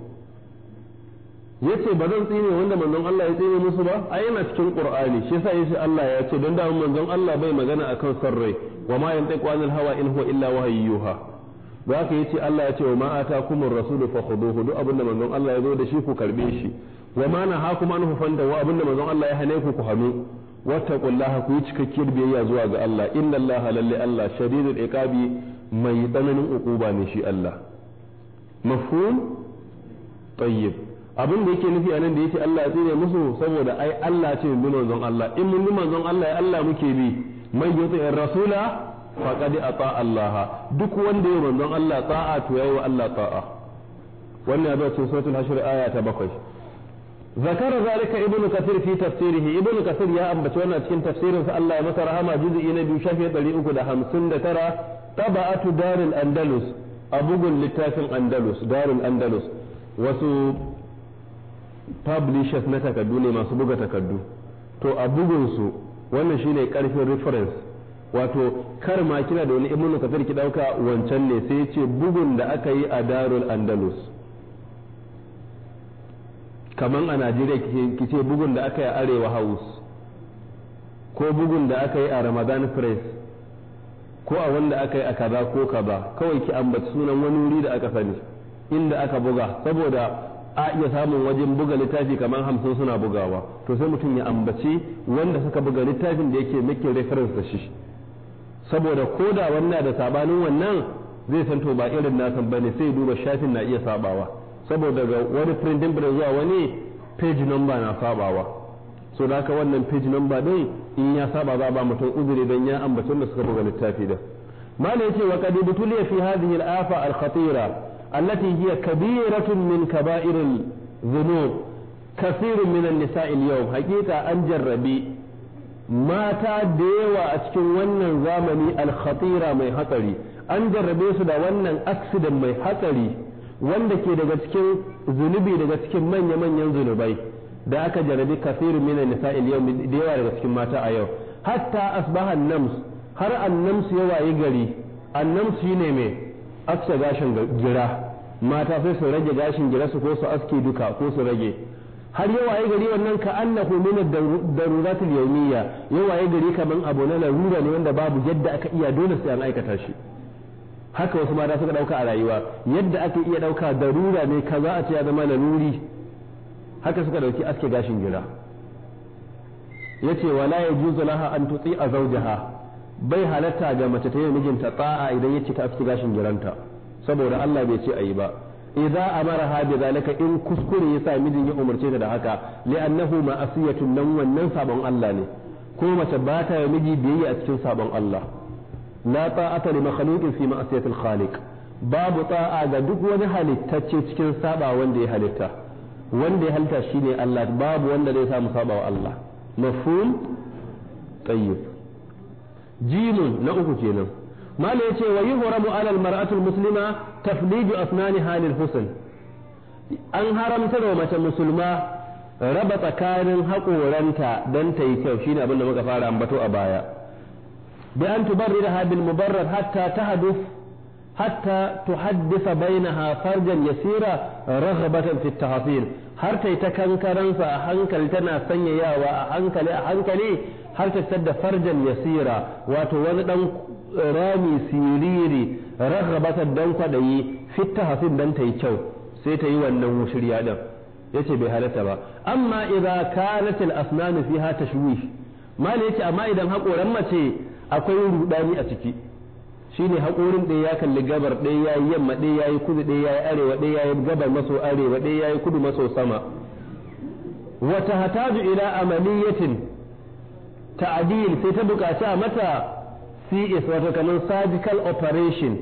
yace ba zan tsire wanda manzon Allah ya tsire musu ba ai yana cikin qur'ani shi yasa yace Allah ya ce dan da manzon Allah bai magana akan sarrai wa ma yantiqu anil hawa in huwa illa wahyuha da yi yace Allah ya ce wa ma atakumur rasulu fakhuduhu duk abin da manzon Allah ya zo da shi ku karbe shi wa ma nahakum anhu fanda wa abin da manzon Allah ya hane ku ku hanu wattaqullaha ku yi cikakkiyar biyayya zuwa ga Allah inna Allah lalle Allah shadidul iqabi mai tsananin ukuba ne shi Allah mafhum tayyib abin da yake nufi anan da yake Allah ya tsire musu saboda ai Allah ce mun manzon Allah in mun manzon Allah ya Allah muke bi mai yuti rasula faƙaɗi a ta Allah duk wanda ya manzon Allah ta'a to ya yi wa Allah ta'a wannan ya zai sosai tun hashir aya ta bakwai zakara zalika ibnu kasir fi tafsirihi ibnu kasir ya ambaci wannan cikin tafsirinsa Allah ya masa rahama juz'i na biyu shafi ɗari uku da hamsin da tara taba'atu darul andalus a bugun littafin andalus darul andalus wasu publishers na takardu ne masu buga takardu to a bugun su wannan shine karfin reference wato kar ma kina da wani ibnu kasir ki dauka wancan ne sai yace bugun da aka yi a darul andalus kaman a najeriya ki ce bugun da aka yi a arewa house ko bugun da aka yi a ramadan press ko a wanda aka yi a kaza ko kaza kawai ki ambaci sunan wani wuri da aka sani inda aka buga saboda a iya samun wajen buga littafi kamar hamsin suna bugawa to sai mutum ya ambaci wanda suka buga littafin da yake makin reference da shi saboda koda wannan da sabanin wannan zai san to ba irin nasan bane sai duba shafin na iya sabawa saboda ga wani printing press zuwa wani page number na sabawa so da haka wannan page number din in ya saba za ba mutum uzuri dan ya ambaci da suka buga littafi da malai yace wa qad butuliya fi hadhihi al-afa al-khatira allati hiya kabiratun min kaba'iril dhunub kathirun min an-nisa' al-yawm haqiqa an jarrabi mata da yawa a cikin wannan zamani alkhatira mai hatsari an jarrabe su da wannan accident mai hatsari wanda ke daga cikin zunubi daga cikin manya-manyan zunubai da aka jarrabi kasiru minan nisa'il yau da yawa daga cikin mata a yau hatta asbahan nams har annams ya wayi gari annams ne mai aske gashin gira mata sai su rage gashin gira su ko su aske duka ko su rage har yawaye gari wannan ka annahu min ad-daruratil yawmiyya yawaye gari kaman abu na larura ne wanda babu yadda aka iya dole sai an aikata shi haka wasu mata suka dauka a rayuwa yadda aka iya dauka darura ne kaza a ce ya zama laruri haka suka dauki aske gashin gira yace wala yajuzu laha an tuti'a jaha bai halatta ga mace ta yi mijinta ta'a idan yace ta aske gashin giranta saboda Allah bai ce ayi ba idza amaraha bi zalika in kuskure ya sa mijin ya umarce ta da haka li'annahu ma'asiyatun nan wannan sabon Allah ne ko mace ba ta yi miji biyayya a cikin sabon Allah la ta'ata li makhluqin fi ma'asiyatil khaliq babu ta'a ga duk wani halittacce cikin saba wanda ya halitta wanda ya halitta shine Allah babu wanda zai samu sabawa wa Allah mafhum tayyib jimun na uku kenan ما ليتي ويهرم على المرأة المسلمة تفليج أسنانها للحسن أن هرمت ومت مسلمة ربط كان حقورنتا دن تيكيو شين أبن مكفار أنبتو أبايا بأن تبردها بالمبرد حتى تحدث حتى تحدث بينها فرجا يسيرا رغبة في التحصيل har ta yi ta kankaransa a hankali tana sanyayawa a hankali a hankali har ta fitar da farjan yasira wato wani dan rami siriri raghabatar dan kwaɗayi fitta hafin dan ta kyau sai ta yi wannan shirya ɗin yace bai halarta ba amma idza kanat al asnan fiha tashwish mali yace amma idan hakoran mace akwai rudani a ciki shine hakorin ɗaya ya kalli gabar ɗaya yayi yamma ɗaya yayi kudu ɗaya yayi arewa ɗaya yayi gabar maso arewa ɗaya yayi kudu maso sama wata hataju ila amaliyatin ta'dil sai ta bukaci mata CS wato kamar surgical operation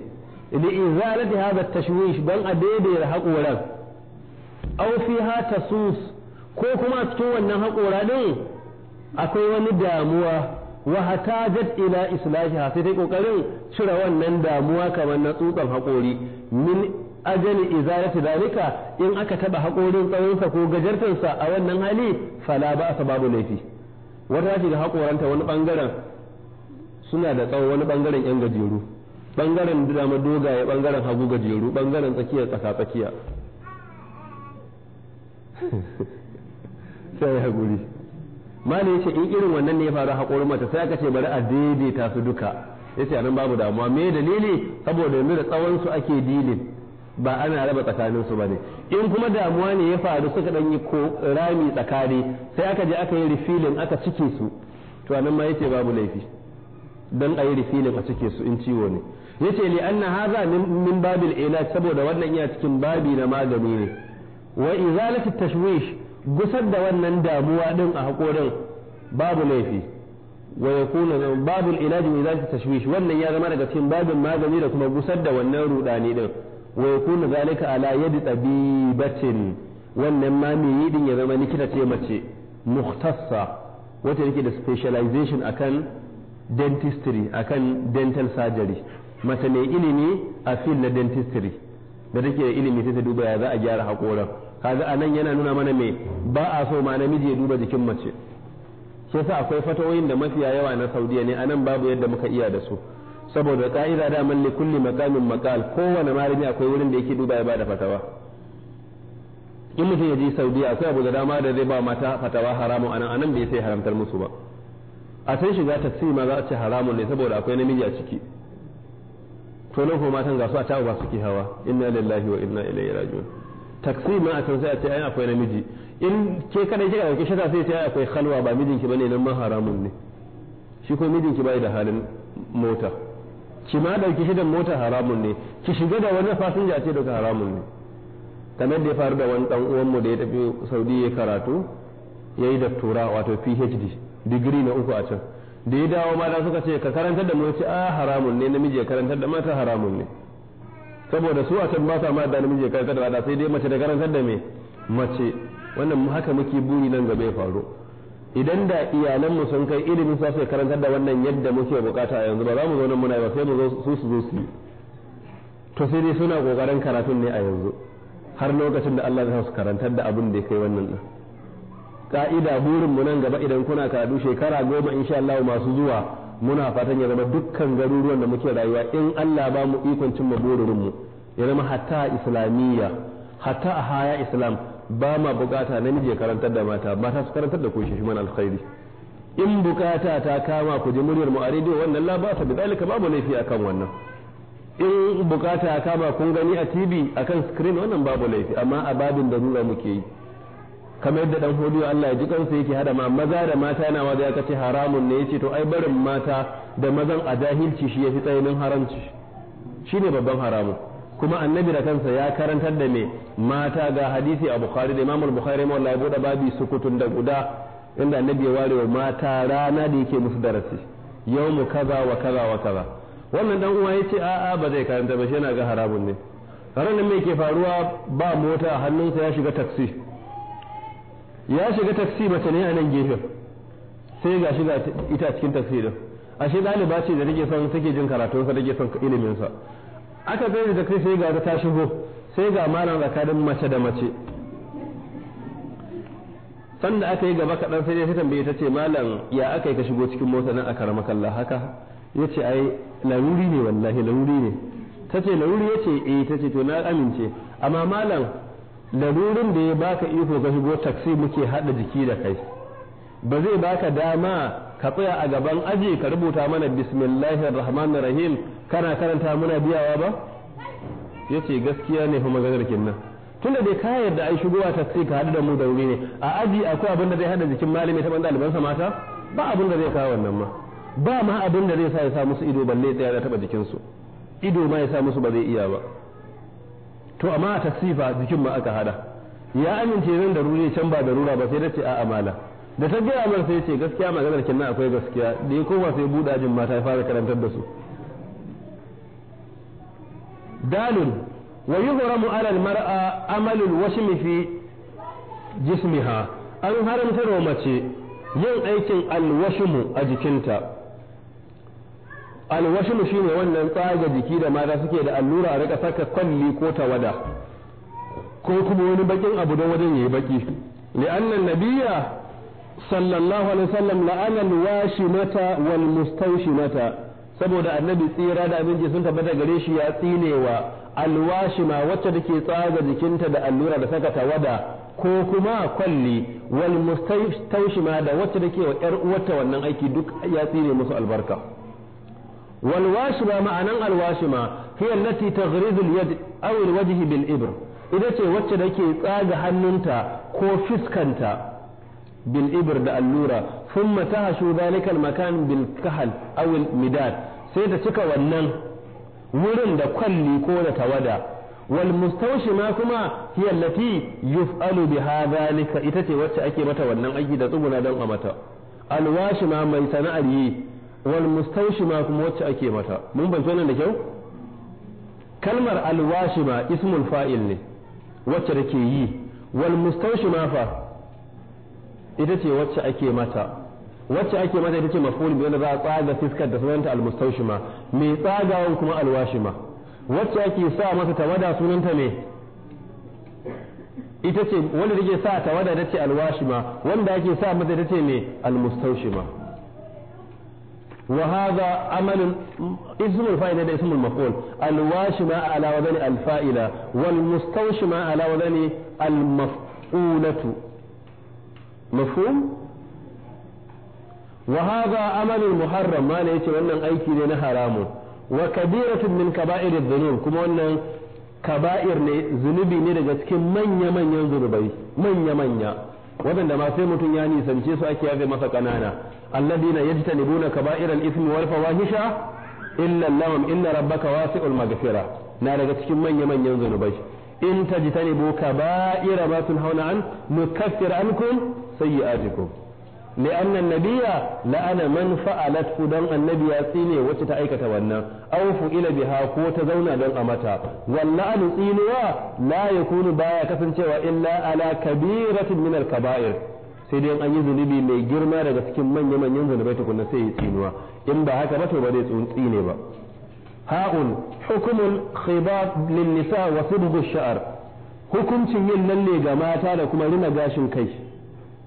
li izalati hadha tashwish ban a daidaita haƙoran aw ha tasus ko kuma cikin wannan haƙora ne akwai wani damuwa wa hatajat ila ha sai ta kokarin cire wannan damuwa kamar na tsutsan haƙori min ajali izalati dalika in aka taɓa haƙorin tsawonsa ko gajartarsa a wannan hali fala ba babu laifi wata da haƙoranta wani bangaren suna da tsawon wani bangaren yan gajeru bangaren dama dogaye bangaren hagu gajeru bangaren tsakiyar tsaka tsakiya sai ya guri ne yace in irin wannan ne ya faru haƙorin mata sai aka ce bari a daidaita su duka yace anan babu damuwa me dalili saboda yanzu da tsawon su ake dilin ba ana raba tsakanin su bane in kuma damuwa ne ya faru suka dan yi ko rami tsakani sai aka je aka yi refilling aka cike su to anan ma yace babu laifi don a yi refilling a cike su in ciwo ne yace li anna haza min babil ilaj saboda wannan ya cikin babi na magani ne wa izalatu tashwish gusar da wannan damuwa din a hakorin babu laifi wa yakuna babul ilaj wa izalatu tashwish wannan ya zama daga cikin babin magani da kuma gusar da wannan rudani din wa yakuna zalika ala yadi tabibatin wannan ma mai din ya zama likita ce mace muhtassa wata yake da specialization akan dentistry akan dental surgery mace mai ilimi a fil na dentistry da take da ilimi sai ta duba ya za a gyara haƙoran kaga a nan yana nuna mana mai ba a so ma namiji ya duba jikin mace shi yasa akwai fatawoyin da mafiya yawa na saudiya ne a nan babu yadda muka iya da su saboda ka'ida da man kulli maqamin maqal kowane malami akwai wurin da yake duba ya bada fatawa in mutum ya je saudiya akwai abu da dama da zai ba mata fatawa haramun anan anan bai sai haramtar musu ba a can shiga taksi ma za a ce haramun ne saboda akwai namiji a ciki to nan kuma matan gasu a ta ba suke hawa inna lillahi wa inna ilaihi raji'un taksi ma a can sai a ce ai akwai namiji in ke kadai kika dauke shi sai ta akwai khalwa ba mijinki bane nan ma haramun ne shi ko mijinki bai da halin mota ki ma dauke shi da mota haramun ne ki shiga da wani fasinja ce daga haramun ne kamar da ya faru da wani dan uwanmu da ya tafi Saudi ya karatu yayi da tura wato PhD digiri na uku a can da ya dawo mata suka ce ka karantar da mu a ah, haramun ne namiji ya karantar da mata haramun ne saboda su a can ba sa ma da namiji ya karantar da mata sai dai mace da karantar da me mace wannan haka muke buri nan gaba ya faru idan da iyalan mu sun kai ilimin su sai karantar da wannan yadda muke bukata a yanzu ba za mu zo nan muna ba sai mu zo su su zo su to sai dai suna kokarin karatun ne a yanzu har lokacin da Allah zai su karantar da abin da ya kai wannan din ka'ida burin mu nan gaba idan kuna karatu shekara goma insha Allah masu zuwa muna fatan ya zama dukkan garuruwan da muke rayuwa in Allah ba mu ikon cimma burin mu ya zama hatta islamiyya hatta a haya islam ba ma bukata namiji ya karantar da mata mata su karantar da ku shi mana alkhairi in bukata ta kama ku ji muryar mu a rediyo wannan la ba ta bi dalika babu laifi akan wannan in bukata ta kama kun gani a tv akan screen wannan babu laifi amma a babin da muke yi kamar yadda dan hodiyo Allah ya ji kansa yake hada ma maza da mata yana da aka ce haramun ne yace to ai barin mata da mazan a jahilci shi yafi tsayinin haramci shine babban haramun kuma annabi da kansa ya karantar da me mata ga hadisi a bukhari da imamul bukhari ma wallahi bude babi sukutun da guda inda annabi ya ware wa mata rana da yake musu darasi yawmu kaza wa kaza wa kaza wannan dan uwa yace a'a ba zai karanta ba shi yana ga haramun ne ranar mai ke faruwa ba mota hannunsa ya shiga taksi ya shiga taksi mace ne a nan gefen sai ga shi ita cikin taksi din ashe ɗaliba ce da rage son take jin karatunsa rage son sa aka zai da taksi sai ga ta shigo sai ga malam zakarin mace da mace sanda aka yi gaba kaɗan sai ta tambaye ta ce malam ya aka yi ka shigo cikin mota nan a karama kalla haka ya ce ai laruri ne wallahi laruri ne ta ce laruri ya ce eh ta ce to na amince amma malam lalurin da ya baka iko ga shigo taksi muke hada jiki da kai ba zai baka dama ka tsaya a gaban aji ka rubuta mana bismillahir rahmanir rahim kana karanta muna biyawa ba yace gaskiya ne kuma maganar kinnan tunda dai ka yarda ai shigowa taksi ka hada da mu da wuri ne a aji akwai abin da zai hada jikin malami ta ban ɗalibansa mata ba abin da zai kawo wannan ma ba ma abin da zai sa ya sa musu ido balle tsaya da taɓa jikinsu ido ma ya sa musu ba zai iya ba to amma a tasifa jikin ma aka hada ya amince zan da ruri can ba da rura ba sai da ce a amala da ta gaya mar sai ce gaskiya maganar kin akwai gaskiya da ya koma sai buɗa jin mata ya fara karantar da su dalil wa yuhramu ala al-mar'a amalu washm fi jismiha an haramta wa mace yin aikin al a jikinta alwashin shi ne wannan tsaga jiki da mata suke da allura a rika saka kwalli ko tawada ko kuma wani bakin abu don wajen yayi baki li'anna nabiyya sallallahu alaihi wasallam la'ana alwashimata wal saboda annabi tsira da abinci sun tabbata gare shi ya tsinewa alwashima wacce take tsaga jikinta da allura da saka tawada ko kuma kwalli wal da wacce take wa yar uwarta wannan aiki duk ya tsine musu albarka والواشمة معنى الواشمة هي التي تغرز اليد أو الوجه بالإبر إذا ce wacce da ke tsaga hannunta ko fiskanta bil ibr da allura thumma tahshu dhalika al makan bil sai ta cika wannan wurin da kwalli ko da tawada wal mustawshima kuma hiya allati yuf'alu biha dhalika ita ce wacce ake mata wannan aiki da tsuguna don a mata al mai sana'ar yi wal mustawshima kuma wacce ake mata mun ban nan da kyau kalmar alwashima ismul fa'il ne wacce da ke yi wal mustawshima fa ita ce wacce ake mata wacce ake mata ita ce maful bi wanda za a tsaga fiskar da sunanta al mustawshima mai tsagawan kuma alwashima wacce ake sa masa tawada sunanta ne ita ce wanda take sa tawada ta ce alwashima wanda ake sa mata ta ce ne al mustawshima وهذا عمل اسم الفائدة اسم المفعول الواشمة على وزن الفائدة والمستوشمة على وزن المفعولة مفهوم وهذا عمل محرم ما ليس wannan aiki ne na haramun wa kabiratun min kaba'ir dhunub kuma wannan kaba'ir ne zunubi ne daga cikin manya manyan zunubai manya manya waɗanda ma sai mutum ya nisance su ake yafe masa ƙanana alladina yajtanibuna al-ithmi wal fawahisha illa lahum inna rabbaka wasi'ul maghfira na daga cikin manya manyan zanubai in tajtanibu kaba'ira ma tunhauna an nukaffir ankum sayi'atikum لأن النبي لأن من فعلته دون النبي سيني وتتأيك تونا أو فئل بها كو تزونا دون أمتا واللعن سينوا لا يكون بايا كسنتوا إلا على كبيرة من الكبائر sai dai an yi zunubi mai girma daga cikin manya manyan zunubai tukunna sai ya tsinuwa in ba haka ba to ba zai tsine ba ha'un hukumul khibab lin wasu wa sibghu hukuncin yin lalle ga mata da kuma rina gashin kai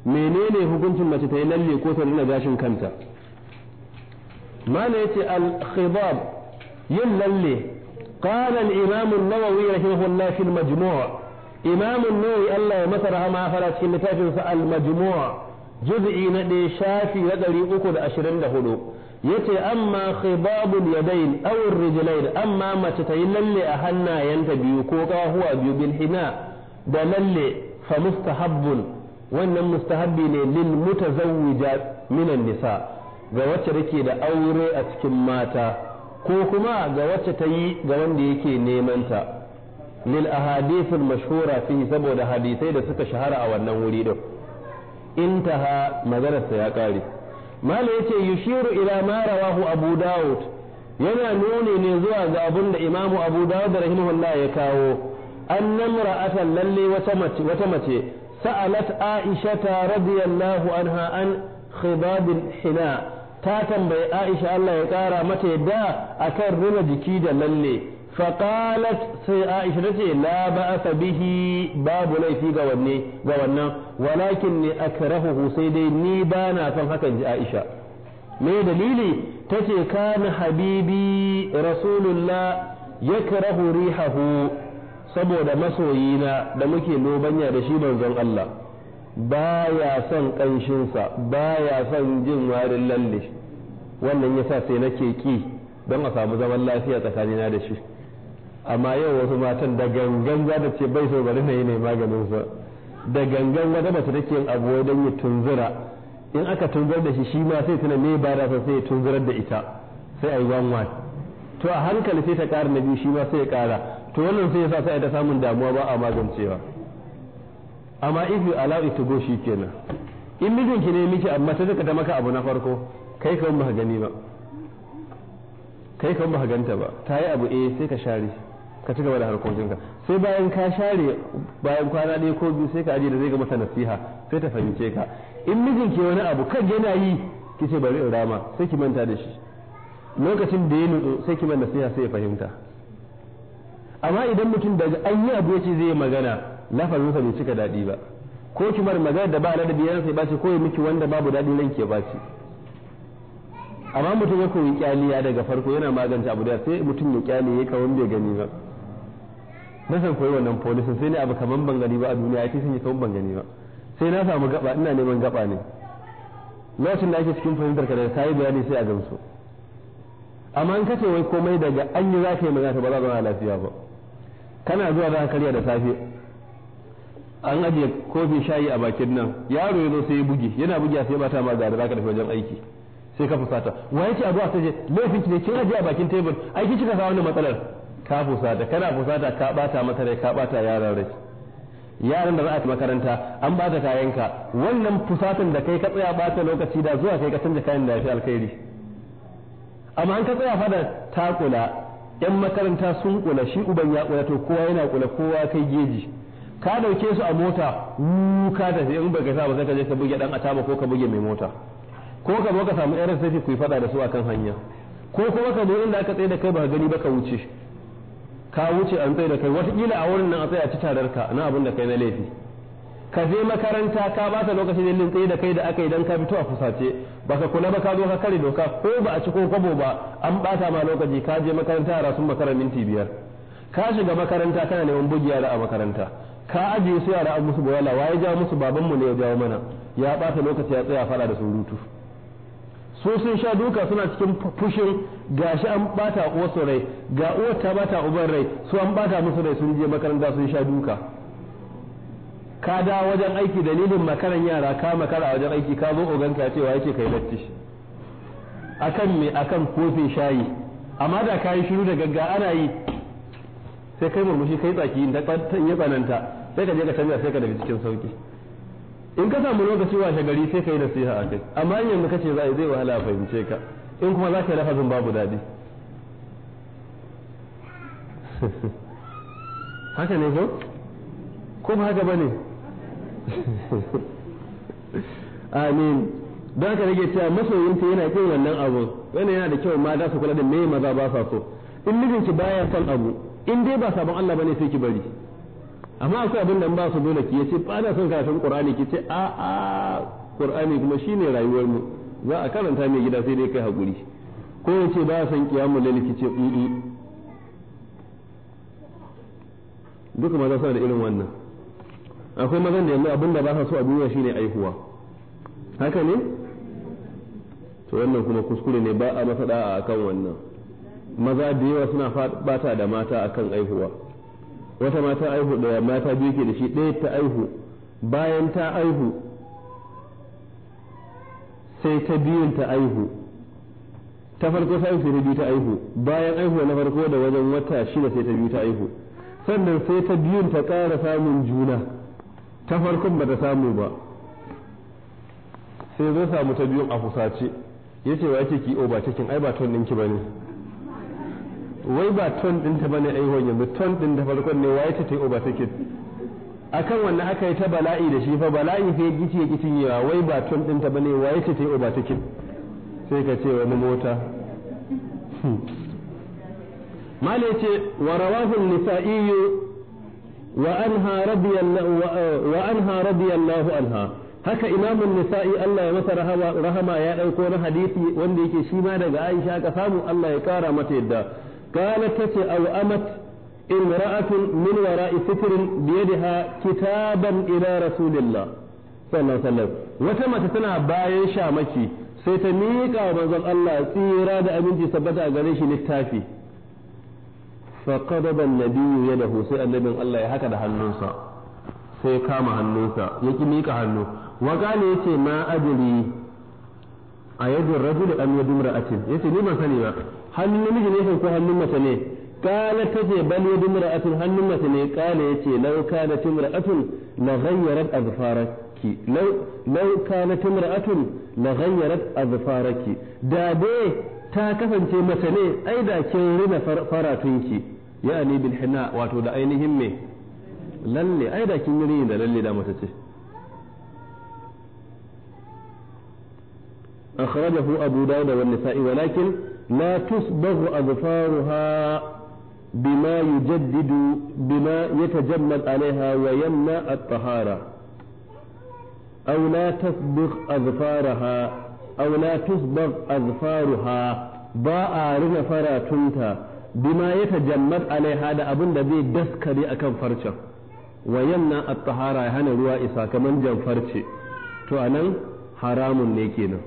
menene hukuncin mace ta yi lalle ko ta rina gashin kanta mana yace al-khidab yin lalle qala al-imam an-nawawi rahimahullah fi al-majmu' imam an-nawawi Allah ya masa rahama fara cikin littafin sa al-majmu' juz'i na da shafi na 324 yace amma khidab al yadayn aw al rijlayn amma mace ta yi lalle a hannayenta biyu ko kahuwa biyu bil hina da lalle fa mustahabbun wannan mustahabbi ne lil mutazawwija minan nisa ga wacce take da aure a cikin mata ko kuma ga wacce ta yi ga wanda yake neman ta lil ahadithul mashhura fi saboda hadisai da suka shahara a wannan wuri din intaha maganarsa ya kare mala yace yushiru ila ma rawahu abu daud yana nuni ne zuwa ga abun da imamu abu daud rahimahullah ya kawo annam ra'atan lalle wata mace wata mace سألت عائشة رضي الله عنها عن خضاب الحناء تاتم بي عائشة الله يقارى متى دا أكر رمى جكيدا للي فقالت سي عائشة لا بأس به باب لي في قواني قوانا ولكني أكرهه سيدي نيبانا فنحكا عائشة ما دليلي تتي كان حبيبي رسول الله يكره ريحه saboda masoyina da muke lobanya da shi manzon Allah baya son ƙanshinsa baya son jin warin lalle wannan yasa sai nake ki don a samu zaman lafiya tsakanina da shi amma yau wasu matan da gangan za ta ce bai so bari na yi ne maganinsa da gangan wata ta take yin abu don ya tunzura in aka tunzar da shi shi ma sai tuna me ba da sai ya tunzurar da ita sai a yi to a hankali sai ta ƙara na biyu shi ma sai ya ƙara to wannan sai yasa sai da samun damuwa ba a magancewa amma if you allow it to go kenan in mijinki ne miki amma sai suka ta maka abu na farko kai kan ba gani ba kai kan ba ganta ba ta yi abu eh sai ka share ka ci gaba da harkokinka sai bayan ka share bayan kwana ɗaya ko biyu sai ka aje da zai ga masa nasiha sai ta fahimce ka in mijinki wani abu kan yana yi kice bari in rama sai ki manta da shi lokacin da ya nutsu sai ki manta nasiha sai ya fahimta amma idan mutum daga an yi abu yace zai magana sa bai cika daɗi ba ko kuma magana da ba ladabi yana sai bace ko ya miki wanda babu dadi nan ke bace amma mutum ya koyi kyaliya daga farko yana magance abu da sai mutum ya kyale ya kawo bai gani ba na san koyi wannan polisin sai ne abu kaman ban gani ba a duniya ya sun yi kaman ban gani ba sai na samu gaba ina neman gaba ne lokacin da ake cikin fahimtar ka da sai bayani sai a gamsu amma an kace wai komai daga an yi za ka yi magana ba za a lafiya ba kana zuwa za ka karya da safe an ajiye kofin shayi a bakin nan yaro ya zo sai ya buge yana buge sai ba ta ma ga za ka tafi wajen aiki sai ka fusata wa yake abu a je laifin ki ne kin ajiye a bakin tebur aiki kika sa wannan matsalar ka fusata kana fusata ka bata mata rai ka bata yaran rai yaran da za a ci makaranta an ba bata kayanka wannan fusatan da kai ka tsaya bata lokaci da zuwa kai ka canja kayan da ya fi alkhairi amma an ka tsaya fa da takula yan makaranta sun kula shi uban ya kula to kowa yana kula kowa kai geji ka dauke su a mota ka da in baka sa ba sai ka je ka buge dan ataba ko ka buge mai mota ko ka ka samu irin sai ku yi fada da su akan hanya ko kuma ka zo inda aka tsaye da kai ba gani ba ka wuce ka wuce an tsaye da kai wataƙila a wurin nan a tsaye a ci tarar ka na abin da kai na laifi ka je makaranta ka ba ta lokacin ne tsaye da kai da aka yi ka fito a fusace baka kula ba ka zo ka kare doka ko ba a ci kwabo ba an bata ma lokaci ka je makaranta yara sun makara minti biyar ka shiga makaranta kana neman bugi yara a makaranta ka ajiye su yara a musu boyala waye ja musu baban mu ne ya jawo mana ya bata lokaci ya tsaya fara da surutu su sun sha duka suna cikin fushin gashi an bata uwarsu rai ga uwar ta bata uban rai su an bata musu rai sun je makaranta sun sha duka ka da wajen aiki dalilin makaran yara ka makara wajen aiki ka zo oganka cewa yake kai latti akan me akan kofin shayi amma da ka yi shiru da gagga ana yi sai kai murmushi kai tsaki da ya tsananta sai ka je ka canza sai ka daga cikin sauki in ka samu lokaci washe gari sai ka yi nasiha a kai amma in yanzu kace zai zai wahala fahimce ka in kuma za ka yi lafazin babu daɗi haka ne ko ko ba haka bane ne amin don haka rage cewa masoyinta yana kin wannan abu wani yana da kyau ma za su kula da me maza ba sa so in mijinki baya son abu in dai ba sabon Allah bane sai ki bari amma akwai abin da ba su dole ki yace ba na son karatun Qur'ani ki ce a a Qur'ani kuma shine rayuwar mu za a karanta mai gida sai dai kai hakuri ko yace ba son kiyamul lail ki ce duka maza suna da irin wannan akwai mazan da yanzu abin da ba sa so a duniya shine aihuwa haka ne to wannan kuma kuskure ne ba a masa a akan wannan maza da yawa suna bata da mata akan aihuwa wata mata aihu da mata biyu ke da shi ɗaya ta aihu bayan ta aihu sai ta biyun ta aihu ta farko ta sai ta biyu ta aihu bayan aihu na farko da wajen wata shida sai ta biyu ta aihu sannan sai ta biyun ta ƙara samun juna ta farkon ba ta samu ba sai zai samu ta biyun a fusace ya ce wa yake ki o ba cikin ai ba ton ɗinki ba ne wai ba ton ta bane ne aihon yanzu ton ɗin da farkon ne waye ta ta yi o ba cikin akan wannan aka yi ta bala'i da shi fa bala'i sai gici ya gici yawa wai ba ton ɗin ta bane waye ta ta yi o ba cikin sai ka ce wani mota hmm. mala ce wa rawahul nisa'iyu وأنها رضي الله وأنها رضي الله haka imamin nisa'i Allah ya masa rahama ya ɗauko na hadisi wanda yake shi ma daga Aisha ka samu Allah ya kara mata yadda kana tace aw amat imra'atun min wara'i sitrin bi yadiha kitaban ila rasulillah sallallahu wata mace tana bayan shamaki sai ta miƙa manzon Allah tsira da abinci sabbata a gare shi littafi فقبض النبي يده سي النبي الله يا هكذا هنوسا سي كام هنوسا يكي ميك هنو وقال يتي ما أدري أيد الرجل أم يد امرأة يتي لما سني ما هل نمجي نيشن كو هل نمت نيه قال تجي بل يد امرأة هل نمت نيه قال يتي لو كانت امرأة لغيرت أظفارك لو لو كانت امرأة لغيرت أظفارك دا دي ta kasance mace ne ai da kin rina faratunki yani bil hina wato da ainihin me lalle ai da kin yi أخرجه أبو داود والنساء ولكن لا تصبغ أظفارها بما يجدد بما يتجمد عليها ويمنع الطهارة أو لا تصبغ أظفارها أو لا تصبغ أظفارها باء رفراتنتا bima ya tajammat alaiha da abin da zai daskare akan farcen wa yamna at-tahara ya hana ruwa isa kaman jamfarce to anan haramun ne kenan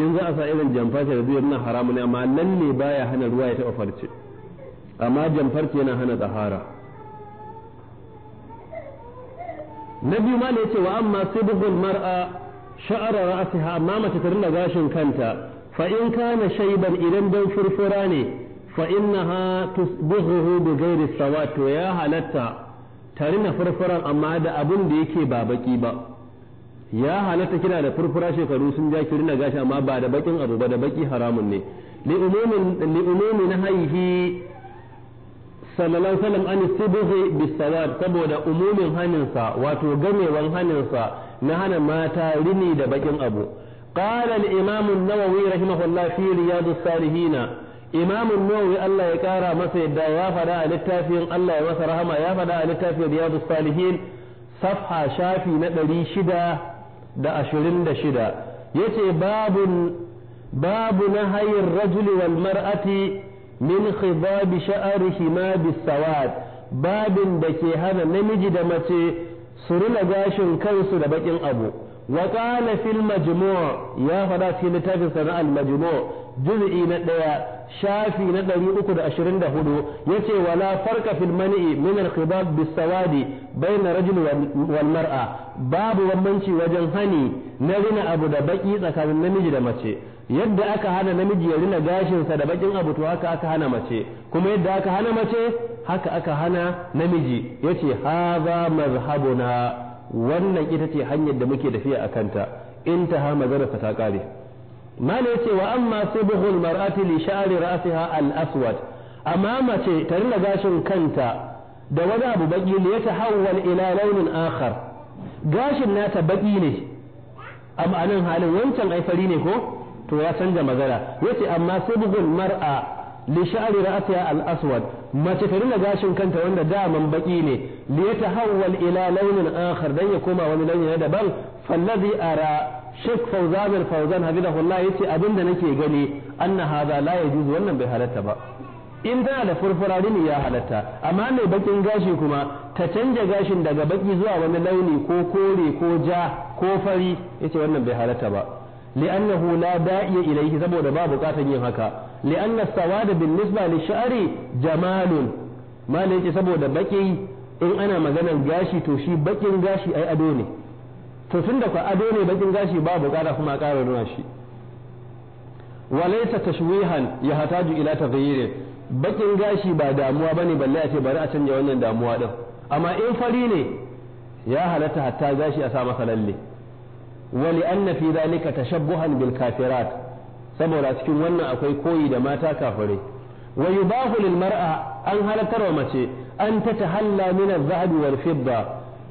in za a sa irin jamfarce da zai nan haramun ne amma nan ne baya hana ruwa ya taba farce amma jamfarce yana hana tahara na biyu ma ne yace wa amma sibghul mar'a sha'ara ra'siha amma mace ta rinda gashin kanta fa in kana shayban idan dan furfura ne fa bi ghairi ya halatta tare na furfuran amma da abin da yake ba baki ba ya halatta kina da furfura shekaru sun ja ki rina gashi amma ba da bakin abu ba da baki haramun ne li umumin li umumi sallallahu alaihi an saboda umumin wato gamewan na mata rini da bakin abu قال الإمام النووي رحمه الله في رياض الصالحين imamun nawawi Allah ya kara masa yadda ya fada a littafin Allah ya masa rahama ya fada a littafin riyadus salihin safha shafi na ɗari shida da ashirin da shida yace babun babu na hayar rajuli wal mar'ati min khidabi sha'arihima bisawad babin da ke hana namiji da mace su rina gashin kansu da baƙin abu wa qala fil majmu' ya faɗa cikin littafin sana al majmu' juz'i na ɗaya shafi na 324 yace wala farqa fil mani'i min al khibab bis sawadi bayna rajul wal mar'a babu bambanci wajen hani na rina abu da baki tsakanin namiji da mace yadda aka hana namiji ya rina gashinsa da bakin abu to haka aka hana mace kuma yadda aka hana mace haka aka hana namiji yace haza mazhabuna wannan ita ce hanyar da muke tafiya a kanta in ta ha maganarsa ta kare mala yace wa amma sibhul mar'ati li sha'ri ra'siha al aswad amma mace ta rina gashin kanta da wani abu baki ne ya tahawwal ila launin akhar gashin nata baki ne a ma'anin halin wancan ai fari ne ko to ya canza magana yace amma sibhul mar'a li sha'ri ra'siha al aswad mace ta rina gashin kanta wanda daman baki ne li yatahawwal ila launin akhar dan ya koma wani launi na daban fallazi ara Sheikh Fauzan al-Fauzan habibullah yace abinda nake gani anna hadha la yajuzu wannan bai halatta ba in tana da furfura ya halatta amma mai bakin gashi kuma ta canja gashin daga baki zuwa wani launi ko kore ko ja ko fari yace wannan bai halatta ba li'annahu la da'iya ilayhi saboda ba bukatan yin haka li'anna sawada bin nisba li sha'ri jamalun malai saboda baki in ana maganar gashi to shi bakin gashi ai ado ne to tun da ado ne bakin gashi ba bukata kuma a ƙara nuna shi walaisa tashwihan ya hataju ila taghyiri bakin gashi ba damuwa bane balle a ce bari a canja wannan damuwa din amma in fari ne ya halatta hatta gashi a sa masa lalle wali anna fi zalika tashabbuhan bil kafirat saboda cikin wannan akwai koyi da mata kafirai Wai yubahu lil mar'a an halakarwa mace an ta tahalla min fibba zahabi wal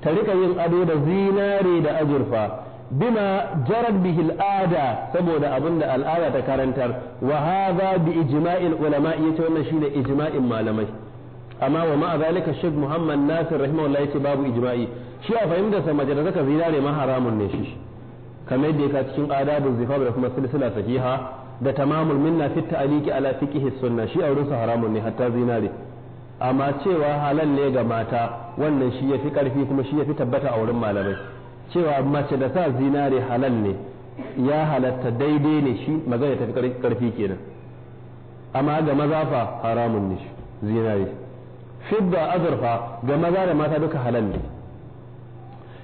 ta rika yin ado da zinari da azurfa bima jarar bihi saboda abin da al'ada ta karantar wa hadha bi ijma'il ulama yace wannan shine ijma'in malamai amma wa ma'a zalika Sheikh Muhammad Nasir rahimahullah yace babu ijima'i shi a fahimtar sa mace da zaka zinare ma haramun ne shi kamar yadda yake cikin adabul zifaf da kuma silsila sahiha da tamamul minna fi ta'aliki ala fiqhi sunna shi auren sa haramun ne hatta zinare amma cewa halal ne ga mata wannan shi yafi karfi kuma shi yafi tabbata a wurin malamai cewa mace da sa zinare halal ne ya halatta daidai ne shi magana tafi karfi kenan amma ga maza fa haramun ne shi zinare fidda azurfa ga maza da mata duka halal ne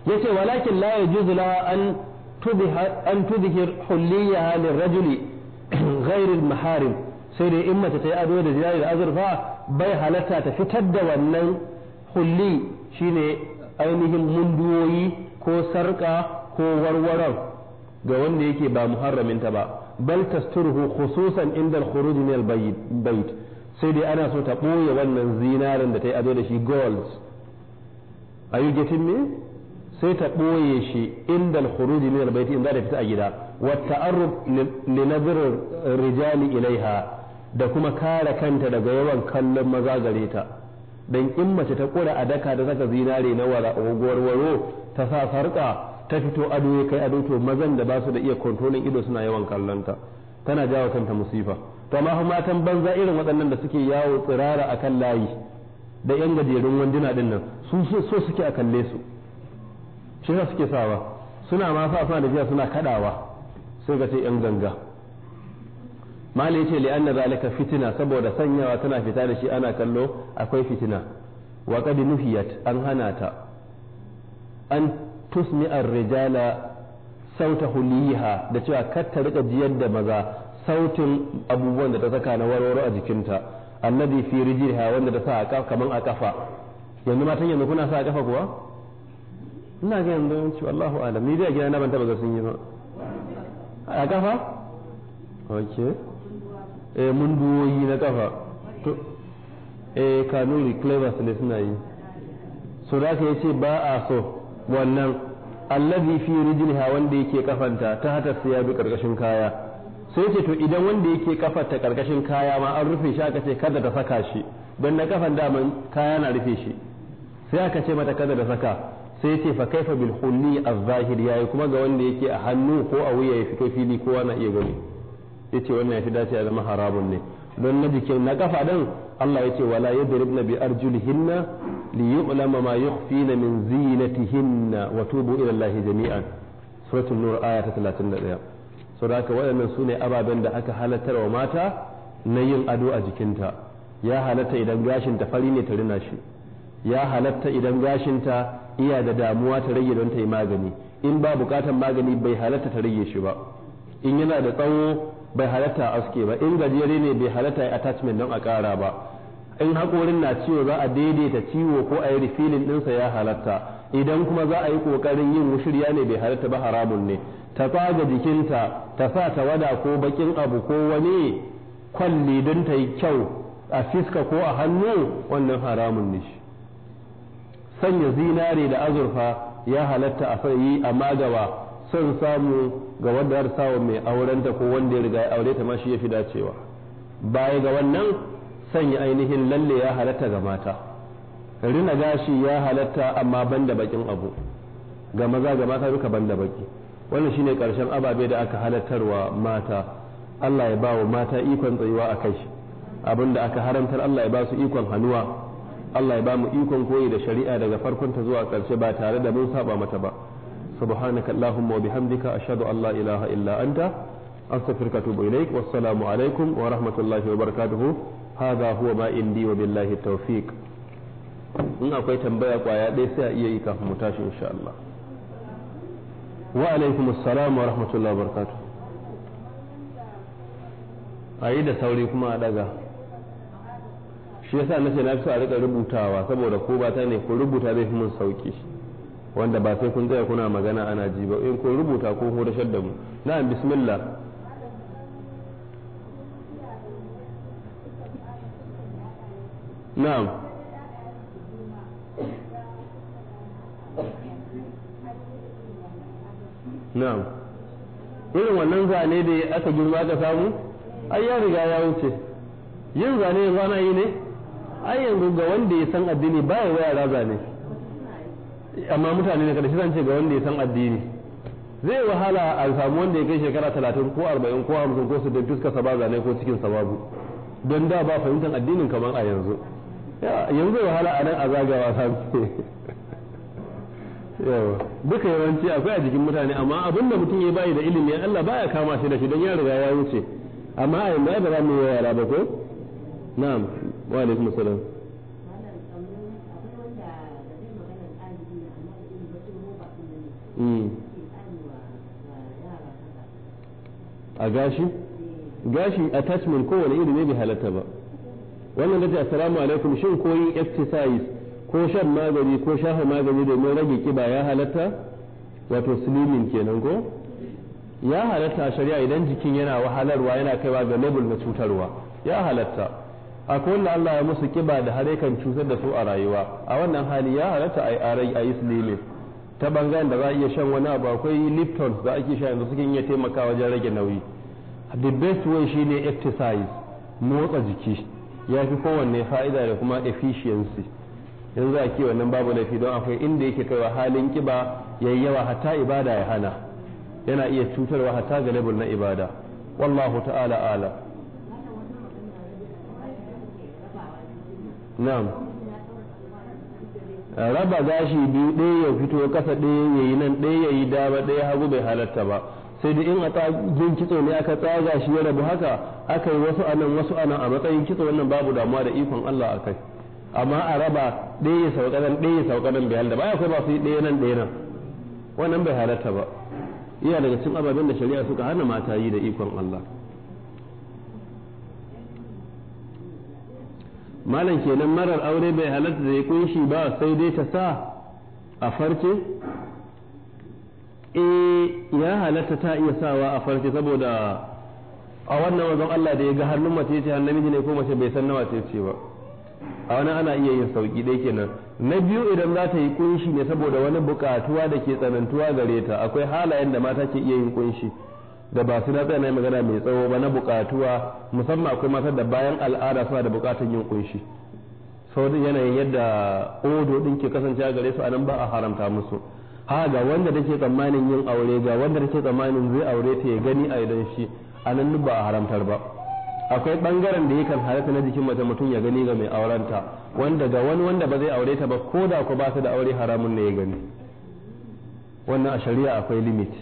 yace walakin la yajuzu la an tudhir an tudhir hulliyaha lirrajuli ghairil maharim sai dai in mace ta yi ado da zinari da azurfa bai halatta ta fitar da wannan hulli shine ainihin munduwoyi ko sarka ko warwaron ga wanda yake ba muharraminta ba bal tasturuhu khususan inda al-khuruj min al-bayt sai dai ana so ta boye wannan zinarin da ta yi ado da shi gold are you getting me sai ta boye shi inda al-khuruj min al-bayt in da fita a gida والتعرض لنظر الرجال ilaiha da kuma kare kanta daga yawan kallon maza gareta, ta don in mace ta kura a daka da saka zinare na waro ta sa sarka ta fito ado ya kai ado to mazan da ba su da iya kontrolin ido suna yawan kallonta tana jawo kanta musifa to amma tan banza irin waɗannan da suke yawo tsirara akan layi da yan gajerun wanduna din nan su so suke a kalle su shi suke sawa suna ma fa da jiya suna kadawa sai ga ce yan ganga mali yace li anna zalika fitina saboda sanyawa tana fita da shi ana kallo akwai fitina wa qad nuhiyat an hana ta an tusmi ar rijala sauta huliha da cewa kar ta rika jiyar da maza sautin abubuwan da ta saka na warwaro a jikinta annabi fi rijiha wanda ta sa a kafa kaman a kafa yanzu matan yanzu kuna sa a kafa kuwa ina ga yanzu Allahu alam ni dai a gida na ban taba ga sun yi ba a kafa ok eh mun duwoyi na kafa to eh kanuri clevers ne suna yi so da ka yace ba a so wannan allazi fi rijliha wanda yake kafanta ta hata siya bi karkashin kaya sai ce to idan wanda yake kafarta karkashin kaya ma an rufe shi aka ce kada ta saka shi don na kafan daman kaya na rufe shi sai aka ce mata kada da saka sai ce fa kaifa bil khulli az-zahir yayi kuma ga wanda yake a hannu ko a wuya ya fito fili kowa na iya gani yace wannan ya dace a zama harabun ne don na jikin na kafa dan Allah yace wala yadribna bi arjulihinna li yu'lama ma yukhfina min zinatihinna wa tubu ila Allah jami'an suratul nur aya ta 31 saboda haka waɗannan sune ababen da aka halatar wa mata na yin ado a jikinta ya halatta idan gashin ta fari ne ta rina shi ya halatta idan gashin ta iya da damuwa ta rage don ta yi magani in ba bukatan magani bai halatta ta rage shi ba in yana da tsawo bai halatta aske ba in gajere ne bai halatta attachment don a kara ba in haƙorin na ciwo za a daidaita ciwo ko a yi refilling ɗinsa ya halatta idan kuma za a yi ƙoƙarin yin wushirya ne bai halatta ba haramun ne ta tsaga jikinta ta sa ta wada ko bakin abu ko wani kwalli don ta yi kyau a fiska ko a hannu wannan haramun ne shi sanya zinare da azurfa ya halatta a fayi a magawa son samu ga wanda ya sawa mai aurenta ko wanda ya riga ya aure ta ma shi ya fi dacewa baya ga wannan sanya ainihin lalle ya halatta ga mata rina gashi ya halatta amma banda bakin abu ga maza ga mata duka banda baki wannan shine karshen ababe da aka halattarwa mata Allah ya ba wa mata ikon tsayuwa a kai abinda aka haramtar Allah ya ba su ikon hannuwa Allah ya ba mu ikon koyi da shari'a daga farkon ta zuwa ƙarshe ba tare da mun saba mata ba subhanaka allahumma wa bihamdika ashhadu an la ilaha illa anta astaghfiruka wa atubu ilaik wassalamu alaikum wa rahmatullahi wa barakatuhu hadha huwa ma indi wa billahi tawfiq in akwai tambaya kwaya ɗaya sai a iya yi kafin mu tashi insha Allah wa alaikum assalam wa rahmatullahi wa barakatuhu a yi da sauri kuma a daga shi yasa nace na fi so a rika rubutawa saboda ko ba ta ne ko rubuta zai fi mun sauki wanda ba sai kun tsaya kuna magana ana ji ba in ko rubuta ko rashar da mu na'am bismillah na'am na'am irin wannan zane da aka girma aka samu ai ya riga ya wuce yin zane yanzu ana yi ne ai yanzu ga wanda ya san addini ba ya waya raza ne amma mutane ne kada shi zan ce ga wanda ya san addini zai wahala a samu wanda ya kai shekara talatin ko arba'in ko hamsin ko fuska sa ba zane ko cikin sa babu don da ba fahimtar addinin kamar a yanzu yanzu zai wahala a nan a zagawa sami duka yawanci akwai a jikin mutane amma abin da mutum ya bayi da ilimi Allah baya kama shi da shi don ya riga ya wuce amma a yanzu ba za mu yi yara ba ko na'am wa salam mm. a gashi gashi attachment kowane iri ne bai halatta ba wannan da ta assalamu alaikum shin koyi exercise ko shan magani ko shafa magani domin rage kiba ya halatta wato slimming kenan ko ya halatta shari'a idan jikin yana wahalarwa yana kaiwa ga level na cutarwa ya halatta a wanda Allah ya musu kiba da har yakan cutar da su a rayuwa a wannan hali ya halatta a yi a yi ta bangaren da za a iya shan wani abu akwai lipton za a ke sha yanzu suke iya taimaka wajen rage nauyi the best way shine exercise motsa jiki ya fi kowanne fa'ida da kuma efficiency yanzu a ke wannan babu laifi don akwai inda yake kaiwa halin kiba yayi yawa hata ibada ya hana yana iya cutarwa hata ga na ibada wallahu ta'ala ala na'am raba gashi biyu ɗaya ya fito kasa ɗaya ya yi nan ɗaya ya yi dama ɗaya hagu bai halatta ba sai da in a tsagin kitso ne aka tsaga shi ya rabu haka aka yi wasu anan wasu anan a matsayin kitso wannan babu damuwa da ikon Allah a kai amma a raba ɗaya ya sauka nan ɗaya ya sauka nan bai halatta ba kai ba su yi ɗaya nan ɗaya nan wannan bai halatta ba iya daga cikin ababen da shari'a suka hana mata yi da ikon Allah malam kenan marar aure bai halatta da ya kunshi ba sai dai ta sa a farce e ya halatta ta iya sawa a farce saboda a wannan wajen Allah da ya ga hannun mace ce namiji ne ko mace bai san nawa ce ce ba a wani ana iya yin sauki dai kenan na biyu idan za ta yi kunshi ne saboda wani bukatuwa da ke tsanantuwa gare ta akwai halayen da mata ke iya yin kunshi da ba su na magana mai tsawo ba na bukatuwa musamman akwai matar da bayan al'ada suna da bukatun yin kunshi sau da yanayin yadda odo din ke kasance a gare su a nan ba a haramta musu ha ga wanda take tsammanin yin aure ga wanda take tsammanin zai aure ta ya gani a idan shi a nan ba a haramtar ba akwai bangaren da yakan halatta na jikin mace mutum ya gani ga mai aurenta wanda ga wani wanda ba zai aure ta ba ko da ku ba su da aure haramun na ya gani wannan a shari'a akwai limit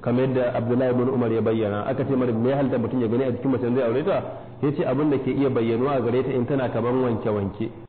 kamar yadda abdullahi bin umar ya bayyana aka ce mara mai halitta mutum ya gani a jikin mace zai aure ya ce abin da ke iya bayyanuwa gare ta in tana kaman wanke wanke